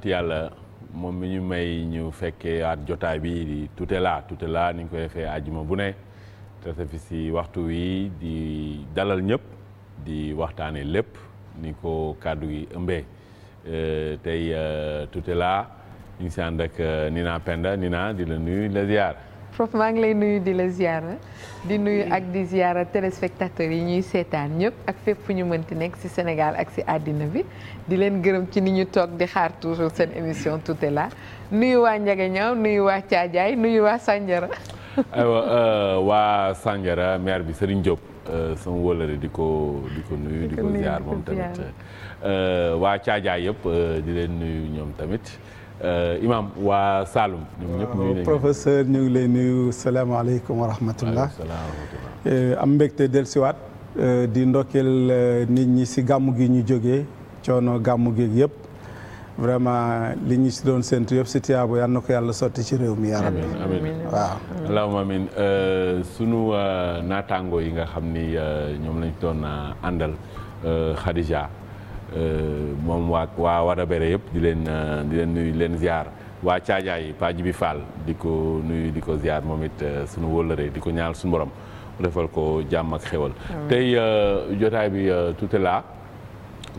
sant yàlla moom mi ñu may ñu fekkee at jotaay bi di tutela tutela ni ñu koy defee àjjuma bu ne te fi si waxtu wi di dalal ñëpp di waxtaanee lépp ni ko kàddu gi ëmbee euh, tey euh, tutela ñu ngi si ànd ak euh, Nina Penda Nina di la nuyu la ziar. Prof maa ngi lay nuyu di la ziara di nuyu ak di ziara téléspectateurs yi ñuy seetaan ñëpp ak fépp fu ñu mënti nekk ci Sénégal ak ci àddina bi di leen gërëm ci ni ñu toog di xaar toujours seen émission tout est là nuyu waa Ndiaganiao nuyu waa Thiadiaye nuyu waa Sandiara euh, waa Sandiara maire bi Serigne Diop euh, sama wóolare di ko di ko nuyu di ko ziar moom tamit euh, waa Thiadiaye yëpp di leen nuyu ñoom tamit Euh, imam waa Saloum. ñoom ñëpp ñu ngi professeur ñu ngi lay euh, am mbégte dellusiwaat euh, di ndokkeel nit ñi si gàmm gi ñu jógee coono gàmm gi yëpp vraiment li ñu si doon séntu yëpp si yàlla sotti ci réew mi yaa rabbi waaw amin sunu naataangoo yi nga xam ni ñoom lañ doon àndal Khadija Euh, moom waa waa Wadabere yépp di leen euh, di leen nuyu leen ziar waa Caajaay Pa bi Fall di ko nuyu di ko ziar moom it euh, suñu wóllëre di ko ñaal suñu borom defal ko jàmm ak xewal tey jotaay bi tout est là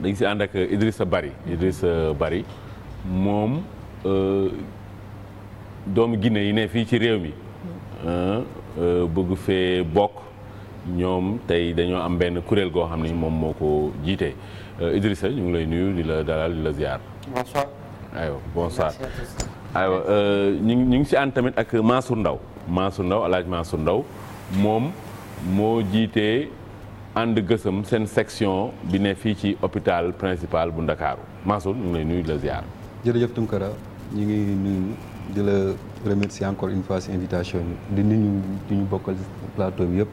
dañ si ànd ak sa Bari Idrissa Bari moom doomu Guinée yi ne fii ci réew mi bëgg fee bokk ñoom tey dañoo am benn kuréel goo xam ni moom moo ko jiite Euh, Idrissa ñu ngi lay nuyu di la dalal di la ziar. bonsoir. Euh, ñu ngi ñu ngi si ànd tamit ak Mansour Ndaw Mansour Ndaw alaaj Mansour Ndaw moom moo jiitee ànd gësëm seen section bi ne fii ci hôpital principal bu Ndakaaru Mansour ñu ngi lay nuyu di la ziar. jërëjëf Tunkara ñu ngi nuyu di la remercier encore une fois si invitation bi di nuyu di ñu bokkal plateau bi yëpp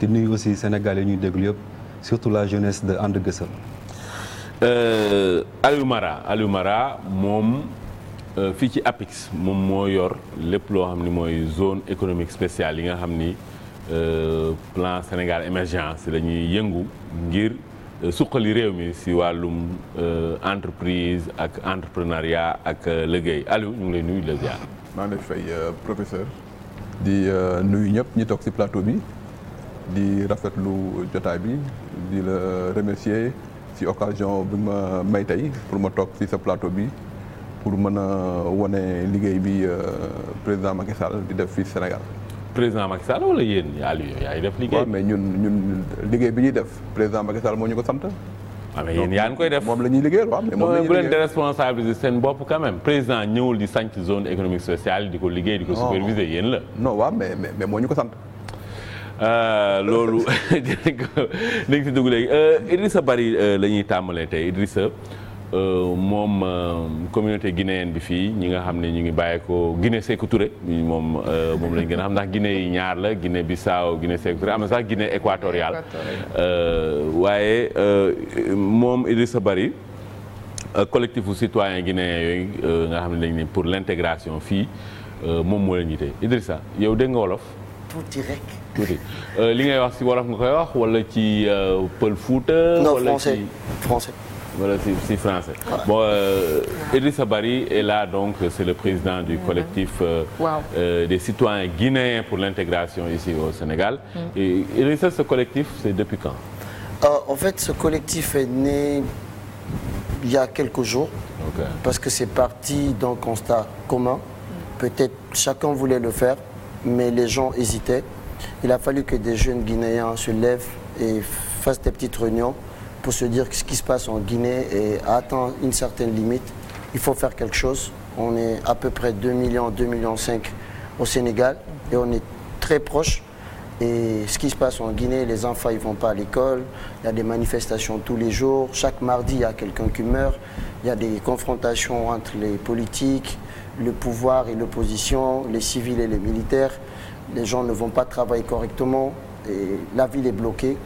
di nuyu aussi Sénégal yi ñuy déglu yëpp surtout la jeunesse de And Gueusseum Euh, Aliou Mara Aliou Mara moom euh, fii ci APIX moom moo yor lépp loo xam ni mooy zone économique spéciale yi nga xam ni euh, plan Sénégal émergent si la ñuy yëngu ngir suqali réew mi si wàllum entreprise ak entrepreneuriat ak liggéey Aliou ñu ngi lay nuyu la ziar. maa ngi lay fay professeur di nuyu ñëpp ñi toog si plateau bi di rafetlu jotaay bi di la remercier. ci occasion bi ma may tey pour ma toog si sa plateau bi pour mën a wane liggéey bi euh, président Macky Sall di def fii Sénégal. président Macky Sall wala yaay def liggéey. mais ñun ñun liggéey bi ñuy def président Macky Sall moo ñu ko sant. waaw ah, mais yéen koy def moom la ñuy liggéeyal waaw mais moom la ñuy liggéeyal bu leen déresponsabiliser seen bopp quand même président ñëwul di sanc zone économique sociale di ko liggéey di ko superviser yéen la. non waaw mais mais moo ñu ko sant. Euh, loolu dinañ ko dinañ si dugg léegi euh, Bari euh, la ñuy tàmbalee tey Idrissa moom communauté guinéenne bi fii ñi nga xam ne ñu ngi bàyyeekoo Guinée Sékou Touré moom moom lañ gën a xam ndax Guinée yi ñaar la Guinée Bissau Guinée Sékou Touré am na sax Guinée équatoriale waaye moom Idrissa Bari collectif u citoyen guinéen yooyu nga xam ne dañ ne pour l' intégration fii moom moo leen yite sax yow dégg nga wolof tuuti euh, li ngay wax si wolof nga koy wax wala ci euh, pël Fuuta. non français français. voilà si si français. Voilà. Ah. bon euh, Idrissa Barry est là donc c'est le président du mm-hmm. collectif. Euh, wow. euh, des citoyens guinéens pour l'intégration ici au Sénégal. Mm. et Idrissa ce collectif c'est depuis quand. Euh, en fait ce collectif est né il y a quelques jours. Okay. parce que c'est parti d'un constat commun. Mm. peut-être chacun voulait le faire mais les gens hésitaient. il a fallu que des jeunes Guinéens se lèvent et fassent des petites réunions pour se dire que ce qui se passe en Guinée est, atteint une certaine limite. Il faut faire quelque chose. On est à peu près 2 millions, 2 millions 5 au Sénégal et on est très proche. Et ce qui se passe en Guinée, les enfants ils vont pas à l'école, il y a des manifestations tous les jours, chaque mardi il y a quelqu'un qui meurt, il y a des confrontations entre les politiques, le pouvoir et l'opposition, les civils et les militaires. les gens ne vont pas travailler correctement et la ville est bloquée.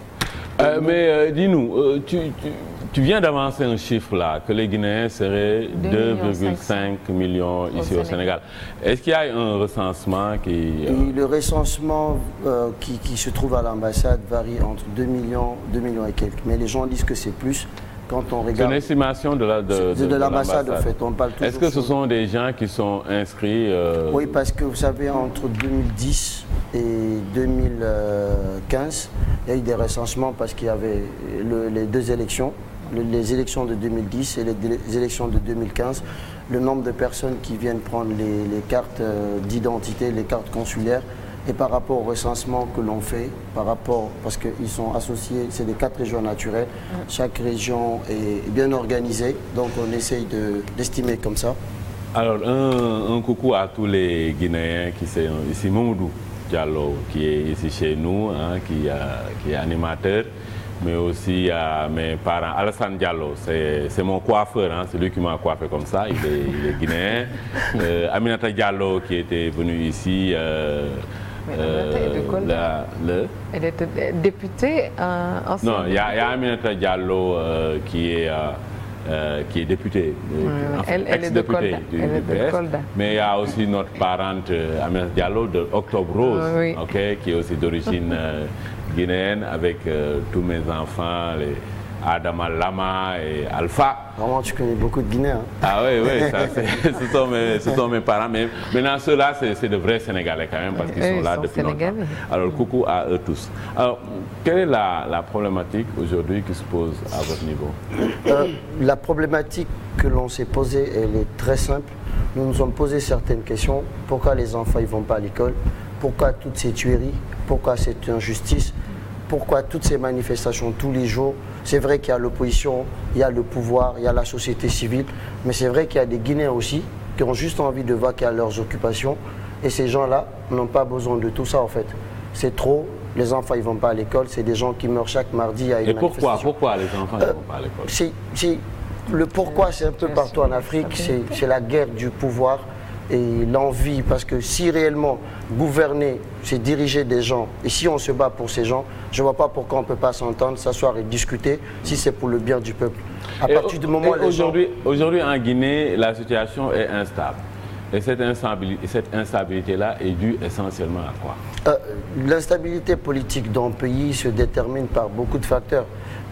Euh, mais euh, dis-nous, euh, tu, tu, tu, viens d'avancer un chiffre là, que les Guinéens seraient 2,5 millions ici au Sénégal. Sénégal. Est-ce qu'il y a un recensement qui... Euh, et le recensement euh, qui, qui, se trouve à l'ambassade varie entre 2 millions, 2 millions et quelques. Mais les gens disent que c'est plus. quand on regarde. C'est une estimation de l'ambassade. La, de, de, de l'ambassade, en fait. On parle toujours. Est-ce que ce sur... sont des gens qui sont inscrits euh... Oui, parce que vous savez, entre 2010 et 2015, il y a eu des recensements parce qu'il y avait le, les deux élections, les élections de 2010 et les élections de 2015. Le nombre de personnes qui viennent prendre les, les cartes euh, d'identité, les cartes consulaires, et par rapport au recensement que l'on fait, par rapport, parce qu'ils sont associés, c'est des quatre régions naturelles, mmh. chaque région est bien organisée, donc on essaye d'estimer comme ça. Alors, un, un, coucou à tous les Guinéens qui sont ici, Mamoudou Diallo, qui est ici chez nous, hein, qui, euh, mais aussi à mes parents. Alassane Diallo, c'est mon coiffeur, hein, c'est lui qui m'a coiffé comme ça, il est, guinéen. Euh, Aminata Diallo, qui était venue ici. Euh, mais Aminata est de Kolda euh, la le. elle était députée ancienne. Euh, non il y a il y a Aminata Diallo euh, qui est. Euh, qui est députée. Euh, en fait, elle, elle est de Kolda. Du, elle du est de Kolda. Mais il y a aussi notre parente euh, Aminata Diallo de Octobre ah Rose, oui. okay, qui est aussi d'origine guinéenne avec tous mes enfants, les Adama Lama et Alpha. Vraiment, tu connais beaucoup de Guinéens. Hein. Ah oui, oui, ça, ce, sont mes, ce, sont mes, parents. Mais maintenant, ceux-là, c'est de vrais Sénégalais quand même, parce qu'ils sont là sont depuis Sénégalais. longtemps. Alors, coucou à eux tous. Alors, quelle est la, la problématique aujourd'hui qui se pose à votre niveau euh, La problématique que l'on s'est posée, elle est très simple. Nous nous sommes posé certaines questions. Pourquoi les enfants ne vont pas à l'école Pourquoi toutes ces tueries Pourquoi cette injustice Pourquoi toutes ces manifestations tous les jours C'est vrai qu'il y a l'opposition, il y a le pouvoir, il y a la société civile, mais c'est vrai qu'il y a des Guinéens aussi qui ont juste envie de vaquer à leurs occupations. Et ces gens-là n'ont pas besoin de tout ça en fait. C'est trop. Les enfants, ils vont pas à l'école. C'est des gens qui meurent chaque mardi à une Et pourquoi Pourquoi les enfants ne euh, vont pas à l'école Le pourquoi, c'est un peu partout en Afrique. C'est la guerre du pouvoir et l'envie, parce que si réellement gouverner, c'est diriger des gens, et si on se bat pour ces gens, je ne vois pas pourquoi on ne peut pas s'entendre, s'asseoir et discuter, si c'est pour le bien du peuple. À et partir du moment où aujourd'hui, gens... aujourd'hui en Guinée, la situation est instable. Et cette instabilité, cette instabilité-là est due essentiellement à quoi euh, L'instabilité politique d'un pays se détermine par beaucoup de facteurs.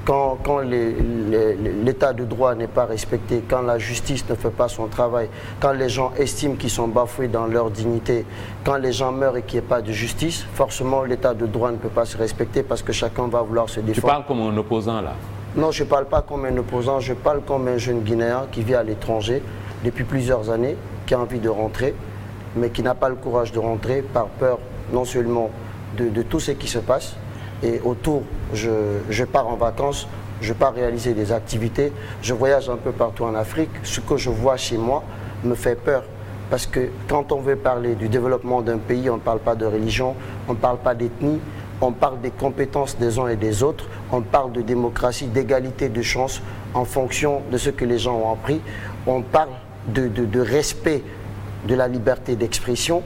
Quand, quand l'état de droit n'est pas respecté, quand la justice ne fait pas son travail, quand les gens estiment qu'ils sont bafoués dans leur dignité, quand les gens meurent et qu'il n'y ait pas de justice, forcément l'état de droit ne peut pas se respecter parce que chacun va vouloir se défendre. Tu parles comme un opposant là Non, je ne parle pas comme un opposant, je parle comme un jeune Guinéen qui vit à l'étranger depuis plusieurs années qui a envie de rentrer, mais qui n'a pas le courage de rentrer par peur non seulement de, de tout ce qui se passe, et autour, je, je, pars en vacances, je pars réaliser des activités, je voyage un peu partout en Afrique. Ce que je vois chez moi me fait peur. Parce que quand on veut parler du développement d'un pays, on ne parle pas de religion, on ne parle pas d'ethnie, on parle des compétences des uns et des autres, on parle de démocratie, d'égalité de chance en fonction de ce que les gens ont appris, on parle de, de, de respect de la liberté d'expression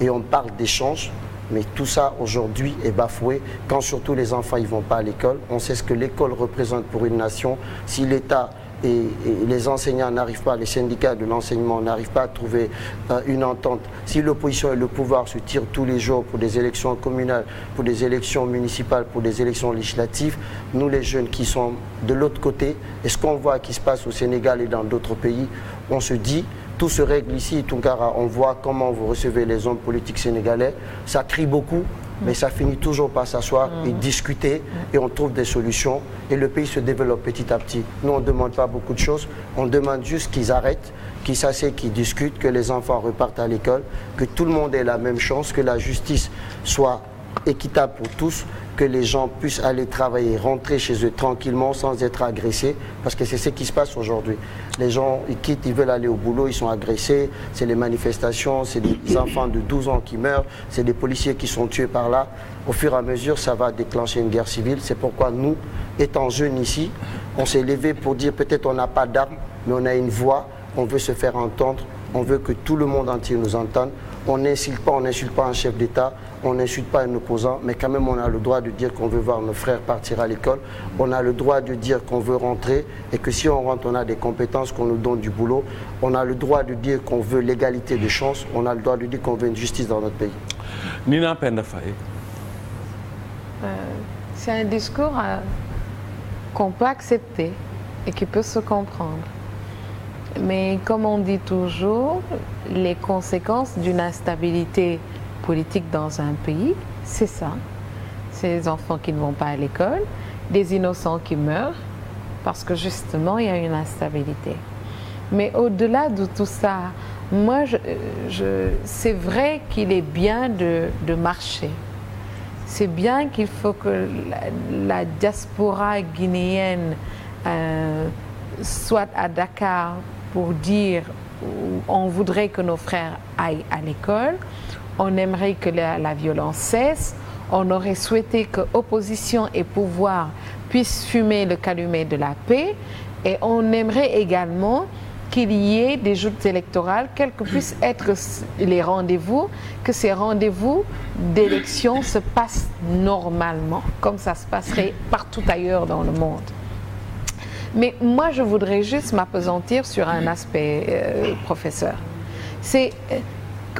et on parle d'échange. Mais tout ça aujourd'hui est bafoué quand surtout les enfants ne vont pas à l'école. On sait ce que l'école représente pour une nation. Si l'État et, et, les enseignants n'arrivent pas, les syndicats de l'enseignement n'arrivent pas à trouver euh, une entente. Si l'opposition et le pouvoir se tirent tous les jours pour des élections communales, pour des élections municipales, pour des élections législatives, nous les jeunes qui sont de l'autre côté, et ce qu'on voit qui se passe au Sénégal et dans d'autres pays, on se dit, tout se règle ici, Tunkara. On voit comment vous recevez les hommes politiques sénégalais. Ça crie beaucoup, mais ça finit toujours par s'asseoir et mm. discuter mm. et on trouve des solutions et le pays se développe petit à petit. Nous, on ne demande pas beaucoup de choses, on demande juste qu'ils arrêtent, qu'ils s'asseyent, qu'ils discutent, que les enfants repartent à l'école, que tout le monde ait la même chance, que la justice soit équitable pour tous que les gens puissent aller travailler, rentrer chez eux tranquillement sans être agressés, parce que c'est ce qui se passe aujourd'hui. Les gens, ils quittent, ils veulent aller au boulot, ils sont agressés, c'est les manifestations, c'est des enfants de 12 ans qui meurent, c'est des policiers qui sont tués par là. Au fur et à mesure, ça va déclencher une guerre civile. C'est pourquoi nous, étant jeunes ici, on s'est levé pour dire peut-être on n'a pas d'armes, mais on a une voix, on veut se faire entendre, on veut que tout le monde entier nous entende. on n'insulte pas, on n'insulte pas un chef d'État, on n'insulte pas un opposant, mais quand même on a le droit de dire qu'on veut voir nos frères partir à l'école, on a le droit de dire qu'on veut rentrer et que si on a des compétences, qu'on nous donne du boulot, on a le droit de dire qu'on veut l'égalité de dire Nina Penda Faye. Euh, c'est un discours euh, qu'on accepter et qui peut se comprendre. Mais comme on dit toujours, les conséquences d'une instabilité politique dans un pays, c'est ça. Ces enfants qui ne vont pas à l'école, des innocents qui meurent, parce que justement, il y a une instabilité. Mais au-delà de tout ça, moi, je, je, c'est vrai qu'il est bien de, de marcher. C'est bien qu'il faut que la, la diaspora guinéenne euh, soit à Dakar pour dire on voudrait que nos frères aillent à l'école, on aimerait que la, la, violence cesse, on aurait souhaité que opposition et pouvoir puissent fumer le calumet de la paix, et on aimerait également qu'il y ait des joutes électorales, quels que puissent être les rendez-vous, que ces rendez-vous d'élection se passent normalement, comme ça se passerait partout ailleurs dans le monde. Mais moi, je voudrais juste m'apesantir sur un mm. aspect, euh, professeur. C'est euh,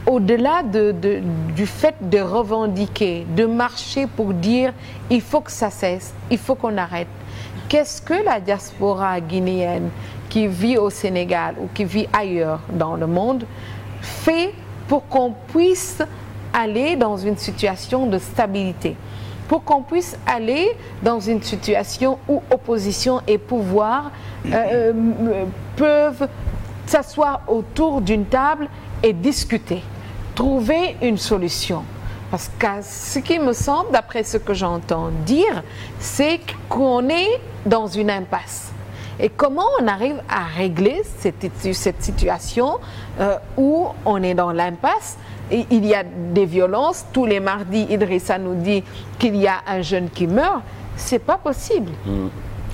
au-delà de, de, du fait de revendiquer, de marcher pour dire il faut que ça cesse, il faut qu'on arrête, qu'est-ce que la diaspora guinéenne qui vit au Sénégal ou qui vit ailleurs dans le monde fait pour qu'on puisse aller dans une situation de stabilité pour qu'on puisse aller dans une situation où opposition et pouvoir euh, euh peuvent s'asseoir autour d'une table et discuter, trouver une solution. Parce que ce qui me semble, d'après ce que j'entends dire, c'est qu'on est dans une impasse. Et comment on arrive à régler cette, cette situation euh, où on est dans l'impasse il y a des violences. Tous les mardis, Idrissa nous dit qu'il y a un jeune qui meurt. C'est pas possible. Mmh.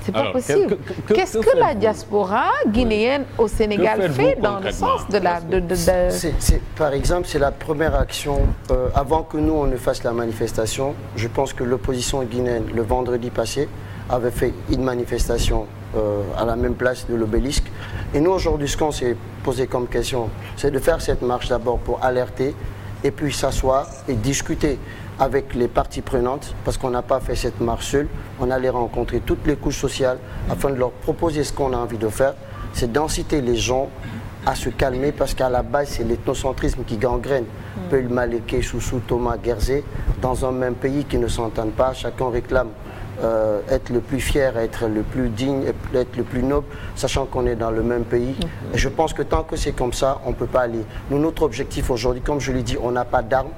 C'est pas Alors, possible. Qu'est-ce que, que, que, la diaspora guinéenne oui. au Sénégal fait dans le sens de la... De, de, de... C est, c est, par exemple, c'est la première action. Euh, avant que nous, on ne fasse la manifestation, je pense que l'opposition guinéenne, le vendredi passé, avait fait une manifestation euh, à la même place de l'obélisque. Et nous, aujourd'hui, ce qu'on s'est posé comme question, c'est de faire cette marche d'abord pour alerter et puis s'asseoir et discuter avec les parties prenantes, parce qu'on n'a pas fait cette marche seule. On allait rencontrer toutes les couches sociales afin de leur proposer ce qu'on a envie de faire, c'est d'inciter les gens à se calmer parce qu'à la base, c'est l'ethnocentrisme qui gangrène. Mm. Peul, Maleké, Soussou, Thomas, Guerzé, dans un même pays qui ne s'entendent pas, chacun réclame euh, être le plus fier, être le plus digne, être le plus noble, sachant qu'on est dans le même pays. Mhm. Et je pense que tant que c'est comme ça, on ne peut pas aller. Nous, notre objectif aujourd'hui, comme je l'ai dit, on n'a pas d'armes.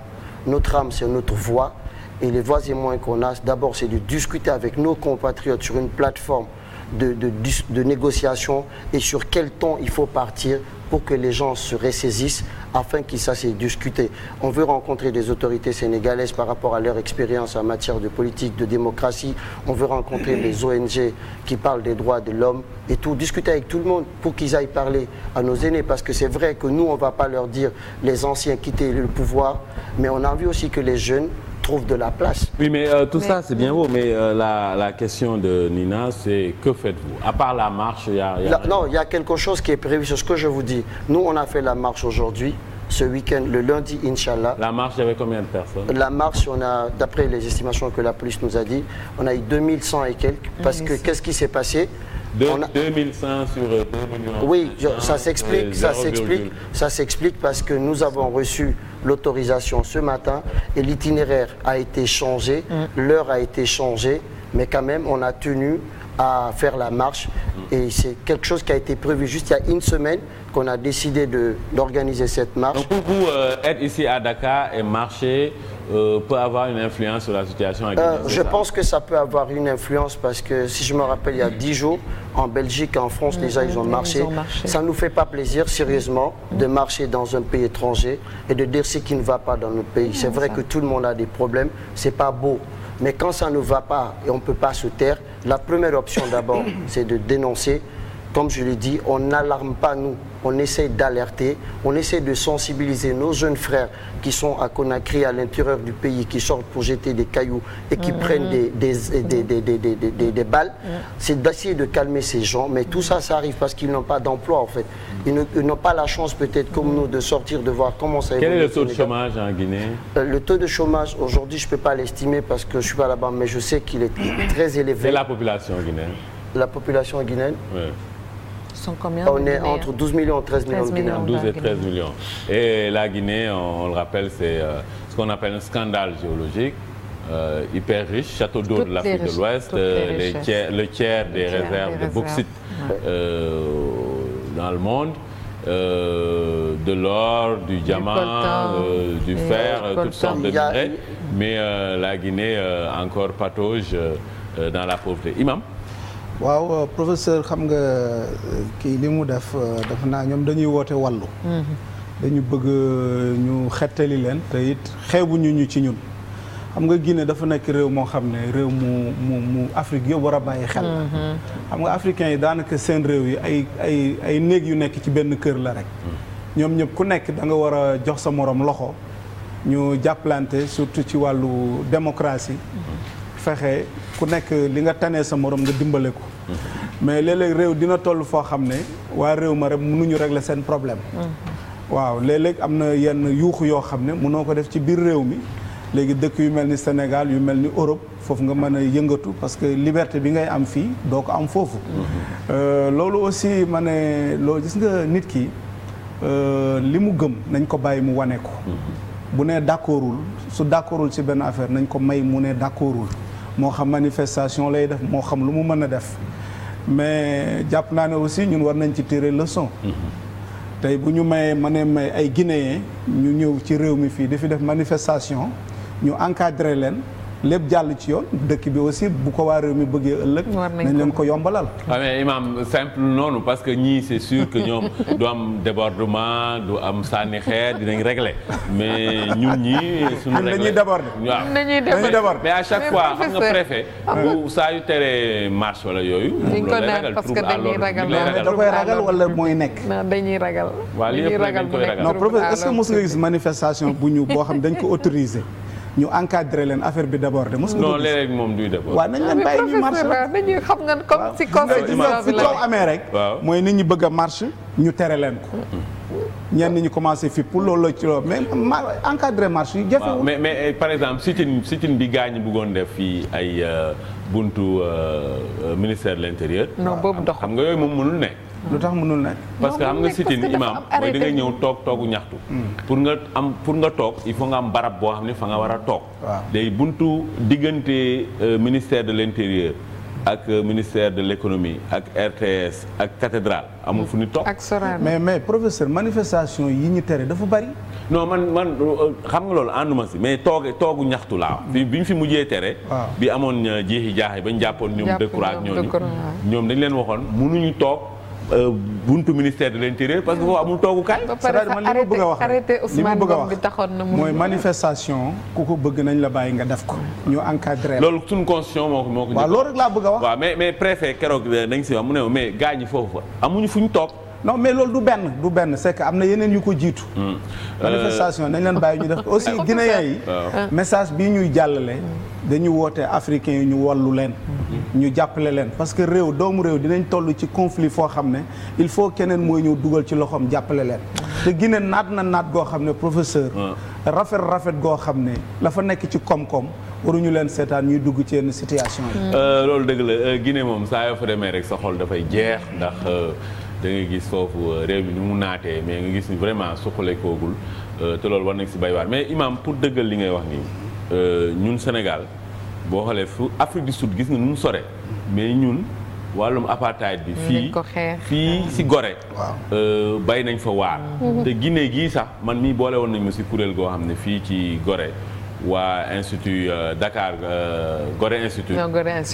Notre âme, c'est notre voix. Et les voix et moyens qu'on a, d'abord, c'est de discuter avec nos compatriotes sur une plateforme de, de, de négociation et sur quel ton il faut partir pour que les gens se ressaisissent afin qu'ils sachent discuter. On veut rencontrer des autorités sénégalaises par rapport à leur expérience en matière de politique, de démocratie. On veut rencontrer les ONG qui parlent des droits de l'homme et tout. Discuter avec tout le monde pour qu'ils aillent parler à nos aînés parce que c'est vrai que nous, on ne va pas leur dire les anciens quitter le pouvoir, mais on les jeunes trouve de la place. Oui, mais euh, tout mais, ça, c'est bien beau, mais euh, la, la, question de Nina, c'est que faites-vous À part la marche, il y a... Y a... La, non, il y a quelque chose qui est prévu, c'est ce que je vous dis. Nous, on a fait la marche aujourd'hui, ce week-end, le lundi, Inch'Allah. La marche, il y avait combien de personnes La marche, on a, d'après les estimations que la police nous a dit, on a eu 2100 et quelques, ah parce oui, que qu'est-ce qui s'est passé Deux, on a... 2100 sur 2 euh, millions. Oui, je, ça euh, s'explique, ça s'explique, ça s'explique parce que nous avons reçu l'autorisation ce matin et l'itinéraire a été changé, mmh. l'heure a été changée, mais quand même on a tenu à faire la marche. Et c'est quelque chose qui a été prévu juste il y a une semaine qu'on a décidé d'organiser cette marche. Donc pour vous, euh, être ici à Dakar et marcher euh, peut avoir une influence sur la situation euh, Je pense que ça peut avoir une influence parce que si je me rappelle, il y a 10 jours, en Belgique, en France, mmh, déjà, ils ont, mmh, marché. ils ont marché. Ça ne nous fait pas plaisir, sérieusement, mmh. de marcher dans un pays étranger et de dire ce qui ne va pas dans notre pays. C'est vrai ça. que tout le monde a des problèmes, c'est pas beau. Mais quand ça ne va pas et on ne peut pas se taire, la première option d'abord, c'est de dénoncer comme je l'ai dit, on n'alarme pas nous, on essaie d'alerter, on essaie de sensibiliser nos jeunes frères qui sont à Conakry, à l'intérieur du pays, qui sortent pour jeter des cailloux et qui mmh. prennent des, des, des, des balles. Mmh. C'est d'essayer de calmer ces gens, mais tout ça, ça arrive parce qu'ils n'ont pas d'emploi en fait. Ils n'ont pas la chance peut-être comme nous de sortir, de voir comment ça évolue. Quel est le taux de chômage en Guinée euh, Le taux de chômage, aujourd'hui, je ne peux pas l'estimer parce que je ne suis pas là-bas, mais je sais qu'il est très élevé. C'est la population guinéenne la population guinéenne. Ouais. sont combien On est entre 12 millions et 13 millions 13 de et millions. Et la Guinée, on, on le rappelle, c'est euh, ce qu'on appelle un scandale géologique. Euh, hyper riche, château d'eau de l'Afrique de l'Ouest, euh, le tiers des réserves de réserves. Euh, dans le monde. de l'or, du diamant, du, fer, euh, toutes de minerais. Mais la Guinée encore patauge dans la pauvreté. waaw euh, professeur xam nga euh, kii li mu def euh, dafa naa ñoom dañuy woote wàllu mhm. dañu bëgg ñu xettali leen te it xeebuñu ñu ci ñun xam nga Guinée dafa nekk réew moo xam ne réew mu mu mu Afrique yëpp war a bàyyi xel mhm. xam nga africains yi daanaka seen réew yi ay ay ay néeg yu nekk ci benn kër la rek mhm. ñoom ñëpp ku nekk da nga war a jox sa moroom loxo ñu jàppalante surtout ci wàllu démocratie fexe ku nekk li nga tane sa moroom nga dimbale ko. mais léeg-léeg réew dina toll foo xam ne waa réew ma rek mënuñu régler seen problème. Mm-hmm. waaw léeg-léeg am na yenn yuuxu yoo xam ne mënoo ko def ci biir réew mi léegi dëkk yu mel ni Sénégal yu mel ni Europe foofu nga mën a yëngatu parce que liberté bi ngay am fii doo ko am foofu. Mm-hmm. Euh, loolu aussi ma ne loo nga nit ki euh, li mu gëm nañ ko bàyyi mu wane ko. Mm-hmm. bu nee d'accordul su d'accordul si benn affaire nañ ko may mu ne d'accordul moo xam manifestation lay def moo xam lu mu mën a def mais jàpp naa ne aussi ñun war nañ ci tirer leçon mm-hmm. tey bu ñu mayee ma ne may ay guinéen ñu ñëw ci réew mi fii di fi def manifestation ñu encadré leen lépp jàll ci yoon dëkk bi aussi bu ko waa réew mi bëggee ëllëg. nañ leen ko yombalal. waaw mais imam simple noonu parce que ñii c' est sûr que ñoom du am débordement du am sànni xeer dinañ régler mais ñun ñii. suñu régler dañuy déborder waaw chaque fois xam nga préfet. Ah saa yu teree marche wala yooyu. dañ ko naan parce que dañuy ragal da ragal wala mooy nekk. dañuy ragal. dañuy ragal non professeur est ce que mos nga gis manifestation bu ñu boo xam dañ ko autorisé. ñu encadré leen affaire bi d'aborder. mosul non léeg-léeg moom duy d'aborder. waaw nañ leen bàyyi ñu marche dañuy xam nga comme si constitution bi amee rek. mooy nit ñi bëgg a marche ñu tere leen ko. ñenn ñi commencé fi pour loolu la ci loolu mais ma marche yi jafewul. mais mais par exemple sitin sitin bi gaa ñi bëggoon def fii ay euh, buntu euh, euh, ministère de l'intérieur. non boobu dox xam nga yooyu moom mënul ne. lu tax mënul nekk. parce que xam nga sit-in imam mooy da nga ñëw toog toogu ñaxtu. Hmm. pour nga am pour nga toog il faut nga am barab boo xam ne fa nga war a toog. day buntu diggante euh, ministère de l' intérieur. ak euh, ministère de l' économie ak RTS ak cathédrale amul fu ñu toog. ak mais mais professeur manifestation yi ñu tere dafa bari. non man man euh, xam nga loolu ànduma si mais tooge toogu ñaxtu laa. bi bi ñu fi mujjee tere. bi amoon jeexi jaaxi ba ñu jàppoon ñoom. dëkkuraak ñooñu ñoom dañ leen waxoon mënuñu toog. Euh, buntu ministère de l'intérieur parce que foofu amul toogukaay. c'est-à-dire man li ma a wax arrêté Ousmane taxoon na mooy manifestation ku ko bëgg nañ la bàyyi nga def ko. ñu encadré loolu suñu constitution moo ko moo ko. waaw loolu rek laa bëgg wax. waaw mais mais préfet keroog euh, nañ si mu ne mais gaañ foofu amuñu fu ñu toog. non mais loolu du benn du benn c'est am na yeneen yu ko jiitu. Hmm. Euh, manifestation nañ leen bàyyi ñu def aussi guinéen yi. Ah. message bii ñuy jàllale. dañu woote africain yi ñu wollu leen. Hmm. ñu jàppale leen parce que réew doomu réew dinañ toll ci conflit foo xam ne il faut keneen mooy ñëw dugal ci loxoom jàppale leen. te Guinée naat na naat goo xam ne professeur. Hmm. rafet rafet goo xam ne la fa nekk ci koom-koom waruñu leen seetaan ñuy dugg ci yenn situation yi. Euh, loolu dëgg la Guinée moom saa yoo rek sa xol dafay jeex ndax. Euh, da ngay gis foofu euh, réew mi ni mu naatee mais nga gis ni vraiment suqale koogul euh, te loolu war nañ si bay waar mais imam pour dëggal li ngay wax nii euh, ñun Sénégal boo xoolee fu Afrique du Sud gis na nu mu sore mais ñun wàllum apartheid bi fii fii si Gorée bay nañ fa waar mhm. te Guinée gii sax man mii boole woon nañ ma si kuréel goo xam ne fii ci Gorée waa institut Dakar Gorée institut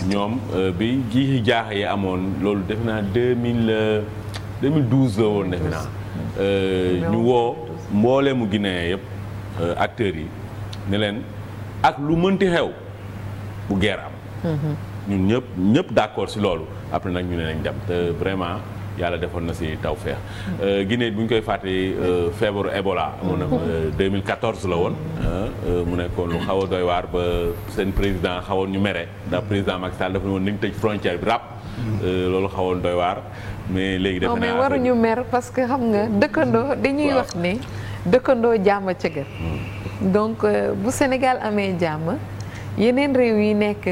ñoom bi jiixi jaaxa yi amoon loolu def naa mille 2012 la woon defe naa euh, ñu woo mboolee mu Guinéen yëpp euh, acteurs yi ne leen ak lu mënti xew bu guerre am mm-hmm. ñun ñëpp ñëpp d'accord si loolu après nag ñu ne nañ dem te vraiment yàlla defoon na si tawfeex euh, Guinée bu ñu koy fàttali feebaru Ebola amoon na 2014 mm-hmm. la woon mm-hmm. ah, mu nekkoon lu xaw a doy waar ba seen président xawoon ñu mere ndax président Macky Sall dafa ne woon nañ tëj frontière bi ràpp Euh, loolu xawoon doy waar mais léegi defe naa a ñu mer parce que xam nga mm. dëkkandoo dañuy wax ni dëkkandoo jàmm ci mm. donc euh, bu Sénégal amee jàmm yeneen réew yi nekk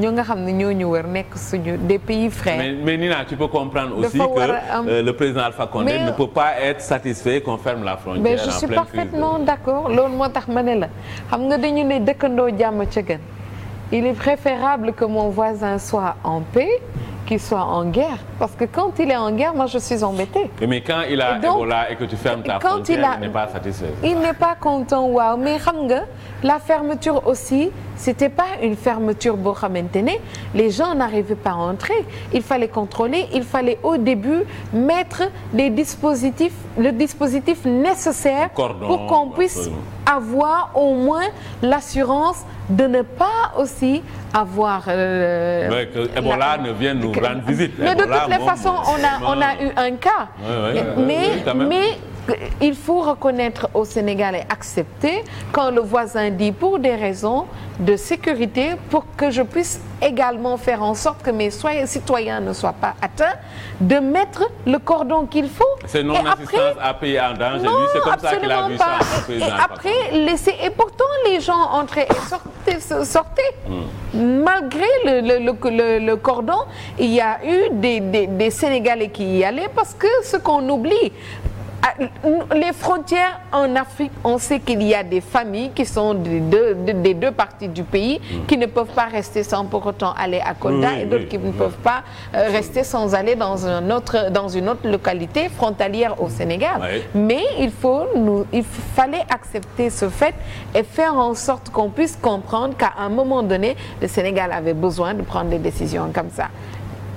ñoo nga xam ne ñoo ñu war nekk suñu des pays frères. mais mais Nina tu peux comprendre aussi que euh, le président Alpha Condé ne peut pas être satisfait qu'on ferme la frontière. mais je suis parfaitement d'accord loolu moo tax ma ne la xam nga dañu ne dëkkandoo jàmm ca il est préférable que mon voisin soit en paix qu'il soit en guerre. Parce que quand il est en guerre, moi, je suis embêtée. Oui, mais quand il a et donc, Ebola et que tu fermes ta frontière, il, a, il n'est pas satisfait. Il n'est pas content, waouh. Mais Ramge, la fermeture aussi, c'était pas une fermeture boo xamante ne les gens n'arrivaient pas à entrer il fallait contrôler il fallait au début mettre les dispositifs le dispositif nécessaire cordon, pour qu'on puisse absolument. avoir au moins l'assurance de ne pas aussi avoir. Euh, mais que Ebola la, ne vienne nous que, rendre visite. mais Ebola, de toutes les bon, façons on a on a eu un cas. Ouais, ouais, mais ouais, mais il faut reconnaître au Sénégal et accepter quand le voisin dit pour des raisons de sécurité, pour que je puisse également faire en sorte que mes citoyens ne soient pas atteints, de mettre le cordon qu'il faut. C'est non-assistance à payer en danger. C'est comme ça qu'il a vu pas. ça. Et après, laisser, et pourtant les gens entraient et sortaient. sortaient. Mm. Malgré le, le, le, le, cordon, il y a eu des, des, des Sénégalais qui y allaient parce que ce qu'on oublie, Ah, les frontières en Afrique, on sait qu'il y a des familles qui sont des deux, des deux parties du pays mmh. qui ne peuvent pas rester sans pour autant aller à Kolda oui, et d'autres oui, qui ne oui. peuvent pas euh, rester sans aller dans, un autre, dans une autre localité frontalière au Sénégal. Mais il, faut nous, il fallait accepter ce fait et faire en sorte qu'on puisse comprendre qu'à un moment donné, le Sénégal avait besoin de prendre des décisions comme ça.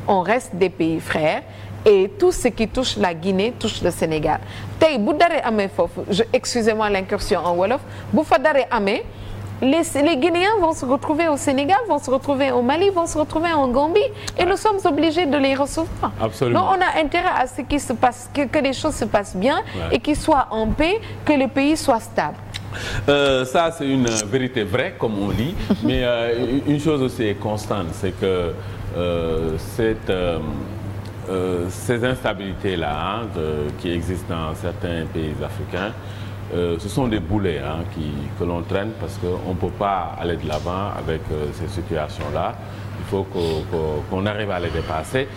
On reste des pays frères. et tout ce qui touche la Guinée touche le Sénégal tey bu daree amee foofu je excusez-moi l'incursion en wolof bu fa daree amee les les Guinéens vont se retrouver au Sénégal vont se retrouver au Mali vont se retrouver en Gambie et nous sommes obligés de les recevoir. Absolument. Donc on a intérêt à ce qu'il se passe que, que les choses se passent bien ouais. et qu'ils soient en paix, que le pays soit stable. Euh, ça c'est une vérité vraie comme on dit mais euh, une chose aussi est constante c'est que euh, cette euh, euh, ces instabilités-là hein, qui existent dans certains pays africains, euh, ce sont des boulets hein, qui, que l'on traîne parce qu'on ne peut pas aller de l'avant avec euh, ces situations-là. Il faut qu'on qu arrive à les dépasser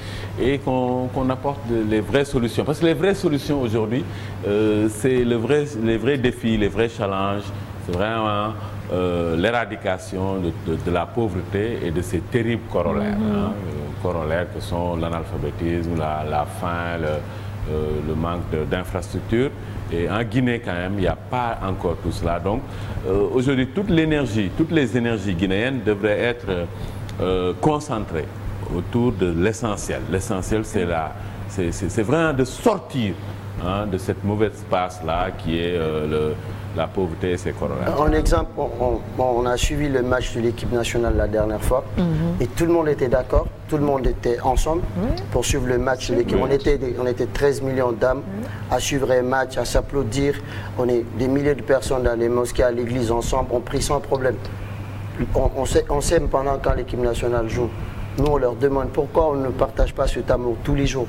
et qu'on qu apporte les vraies solutions. Parce que les vraies solutions aujourd'hui, euh, c'est le vrai, les vrais défis, les vrais challenges. C'est vraiment euh, l'éradication de, de, de, la pauvreté et de ses terribles corollaires. Mm -hmm. hein, euh, corollaires que sont l'analphabétisme, la, la, faim, le, euh, le manque d'infrastructures. Et en Guinée, quand même, il n'y a pas encore tout cela. Donc, euh, aujourd'hui, toute l'énergie, toutes les énergies guinéennes devraient être euh, concentrées autour de l'essentiel. L'essentiel, c'est c'est vraiment de sortir hein, de cette mauvaise passe-là qui est euh, le la pauvreté, c'est corollaire. En exemple, on, on, on, a suivi le match de l'équipe nationale la dernière fois mm -hmm. et tout le monde était d'accord, tout le monde était ensemble oui. pour suivre le match de l'équipe. On était, on était 13 millions d'âmes oui. Mhm. à suivre un match, à s'applaudir. On est des milliers de personnes dans les mosquées, à l'église ensemble, on prie sans problème. On, s'aime pendant quand l'équipe nationale joue. Nous, on leur demande pourquoi on ne partage pas ce amour tous les jours.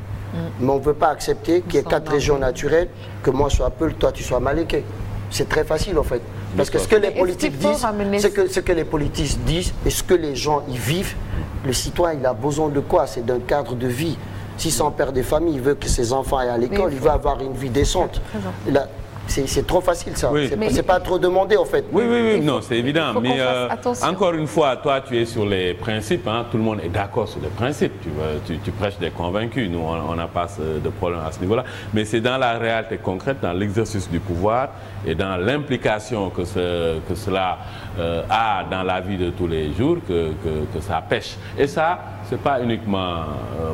Mais on ne peut pas accepter qu'il y ait quatre marrant. régions naturelles, que moi je sois Peul, toi tu sois Maléké. C'est très facile en fait. Parce que ce que les politiques disent, ce que, ce que les politiques disent et ce que les gens y vivent, le citoyen il a besoin de quoi C'est d'un cadre de vie. Si son père des familles il veut que ses enfants aillent à l'école, il, il, veut avoir une vie décente. C'est trop facile ça. Oui. C'est pas trop demandé en fait. Oui, oui, oui, faut, non, c'est évident. Mais euh, encore une fois, toi, tu es sur les principes. Hein. Tout le monde est d'accord sur les principes. Tu, vois, tu, tu, prêches des convaincus. Nous, on n'a pas de problème à ce niveau-là. Mais c'est dans la réalité concrète, dans l'exercice du pouvoir et dans l'implication que, ce, que cela euh, a dans la vie de tous les jours que, que, que ça pêche. Et ça, c'est pas uniquement euh,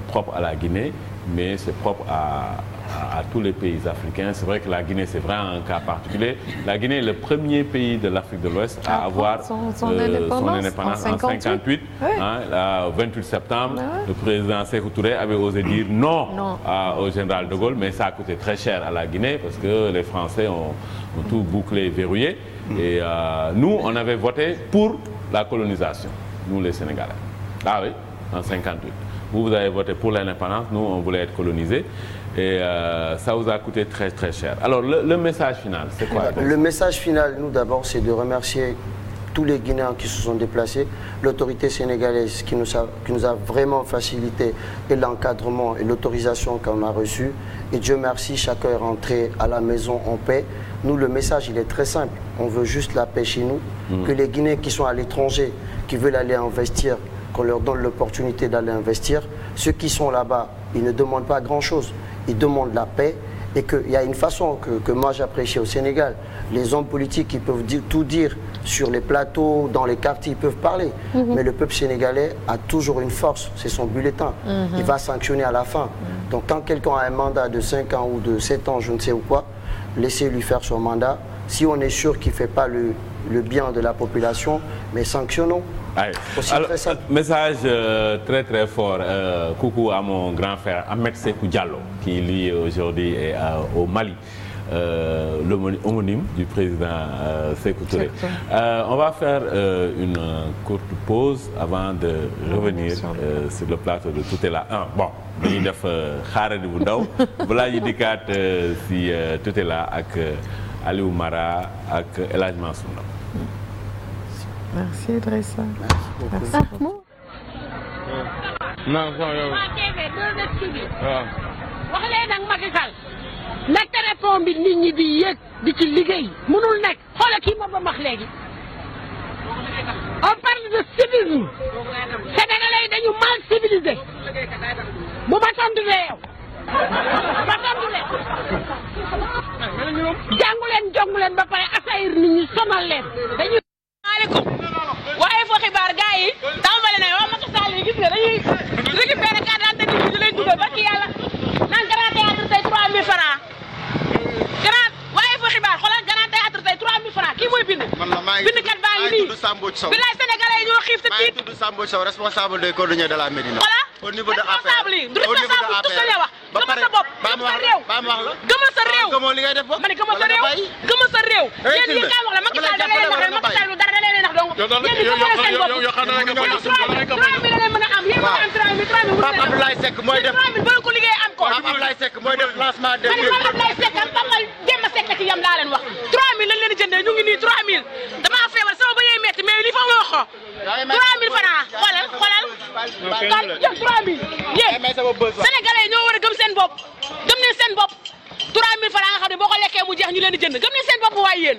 propre à la Guinée, mais c'est propre à à, à, tous les pays africains. C'est vrai que la Guinée, c'est le premier pays de l'Afrique de l'Ouest à, à ah, avoir son, son, euh, indépendance, son, indépendance, en 58. En 58 oui. hein, là, 28 septembre, ah oui. le président Sékou cher à la parce que les Français ont, ont tout euh, on voté pour la colonisation, nous les Sénégalais. Ah Vous, vous avez voté pour l'indépendance, nous, on voulait être colonisés. Et euh, ça vous a coûté très, très cher. Alors, le, le message final, c'est quoi Le message final, nous, d'abord, c'est de remercier tous les Guinéens qui se sont déplacés, l'autorité sénégalaise qui nous, a, qui nous a vraiment facilité et l'encadrement et l'autorisation qu'on a reçue. Et Dieu merci, chacun est rentré à la maison en paix. Nous, le message, il est très simple. On veut juste la paix chez nous. Mmh. Que les Guinéens qui sont à l'étranger, qui veulent aller investir, qu'on leur donne l'opportunité d'aller investir. Ceux qui sont là-bas, ils ne demandent pas grand-chose. Ils demandent la paix et qu'il y a une façon que, que moi j'apprécie au Sénégal. Les hommes politiques, ils peuvent dire, tout dire sur les plateaux, dans les quartiers, ils peuvent parler. Mm -hmm. Mais le peuple sénégalais a toujours une force, c'est son bulletin. Mm -hmm. Il va sanctionner à la fin. Mm -hmm. Donc quand quelqu'un a un mandat de 5 ans ou de 7 ans, je ne sais ou quoi, laissez-lui faire son mandat. Si on est sûr qu'il ne fait pas le, le bien de la population, mais sanctionnons. Alors, euh, Message euh, très très fort. Euh, coucou à mon grand frère Ahmed Sekou Diallo, qui lui aujourd'hui est à, euh, au Mali. Euh, l'homonyme du président euh, Sékou on va faire une courte pause avant de revenir sur le plateau de Tout est là 1. Bon, dañuy def xaarandi bu ndaw balaa ñu dikkaat si Tout ak Aliou Mara ak El Hadj Mansour merci na ah. téléphone bi nit ñi di yëg di ci liggéey munul nekk xoola kii ma ba max léegi. on parle de civisme. Sénégalais yi dañu mal civilisé. bu ma tontulee yow. ma tontulee. Ah, jàngu ba pare asayir nit ñi sonal leen dañuy. maaleykum waaye foo xibaar gars yi tàmbali na waa Macky Sall yi gis nga dañuy récupéré carte d'identité yi di lay dugal barki yàlla naan grand théâtre tey 3000 francs ma xibaar xoolal grand théâtre tey 3000 francs kii mooy bind. man la maa ngi bindkat baa ngi nii maa ngi tudd Sambo Sow. bilaay sénégalais yi ñoo xiif si tiit. maa ngi tudd Sambo Sow responsable des cordonniers de la Médina. voilà au niveau de APR au niveau de APR ba pare ba ma wax la ba ma wax la. gëmal sa réew gëmoo li ngay def ba. ma ne gëmal sa réew gëmal sa réew. yéen ñi kaay wax la Macky Sall da lay nax Macky Sall dara da lay nax donc. yow xam na ne que ko am Ablaye Seck mooy def lancement de. man man Ablaye Seck ak a sekk ci yam laa leen wax 3000 lañ leen di jëndee ñu ngi nii 3000 damaa feebar sama ba yee metti mais li fa nga waxoo. 3000 francs xoolal xoolal. kon jëm 3000. yéen sénégalais ñoo war a gëm seen bopp gëm nañ seen bopp 3000 francs nga xam ne boo lekkee mu ñu leen di jënd gëm nañ seen bopp waaye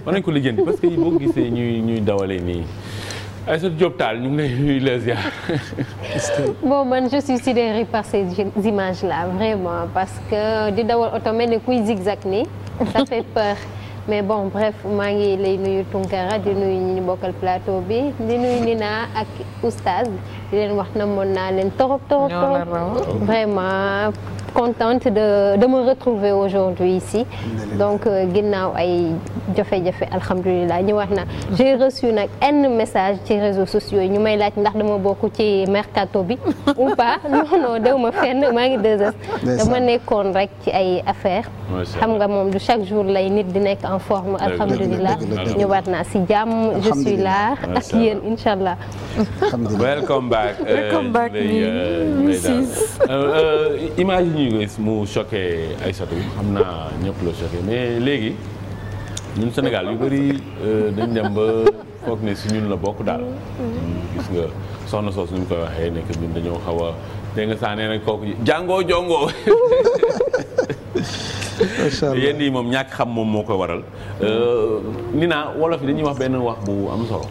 war nañ ko lijjanti parce que boo gisee ñuy ñuy dawalee nii. Aïssatou Diop Tall ñu ngi lay nuyu la ziar. bon man je suis sidérée par ces images là vraiment parce que di dawal oto mel ni kuy zigzag nii. ça fait peur mais bon bref maa ngi lay nuyu Tunkara di nuyu ñi ñu bokkal plateau bi di nuyu Nina ak oustaz di leen wax na mën naa leen torop torop torop vraiment. contente de de me retrouver aujourd'hui ici donc euh, ginnaaw ay jafe-jafe alhamdulilah ñëwaat na j'ai nag un message ci réseau sociaux yi ñu may laaj ndax dama bokk ci mercato bi ou ma fenn maa ngi deux heures dama nekkoon rek ci ay affaire xam nga moom chaque jour lay nit di nekk en forme alhamdulilah ñëwaat naa si jàmm je suis là ak allah welcome euh, ñun Sénégal yu bëri euh, dañ dem ba foog ne si ñun la bokk daal. gis nga soxna soos ni mu koy waxee nekk ñun dañoo xaw a dégg nga saa nee na kooku jàngoo jongoo. macha allah yenn yi moom ñàkk xam moom moo koy waral. Euh, ni naa wolof yi dañuy wax benn wax bu am solo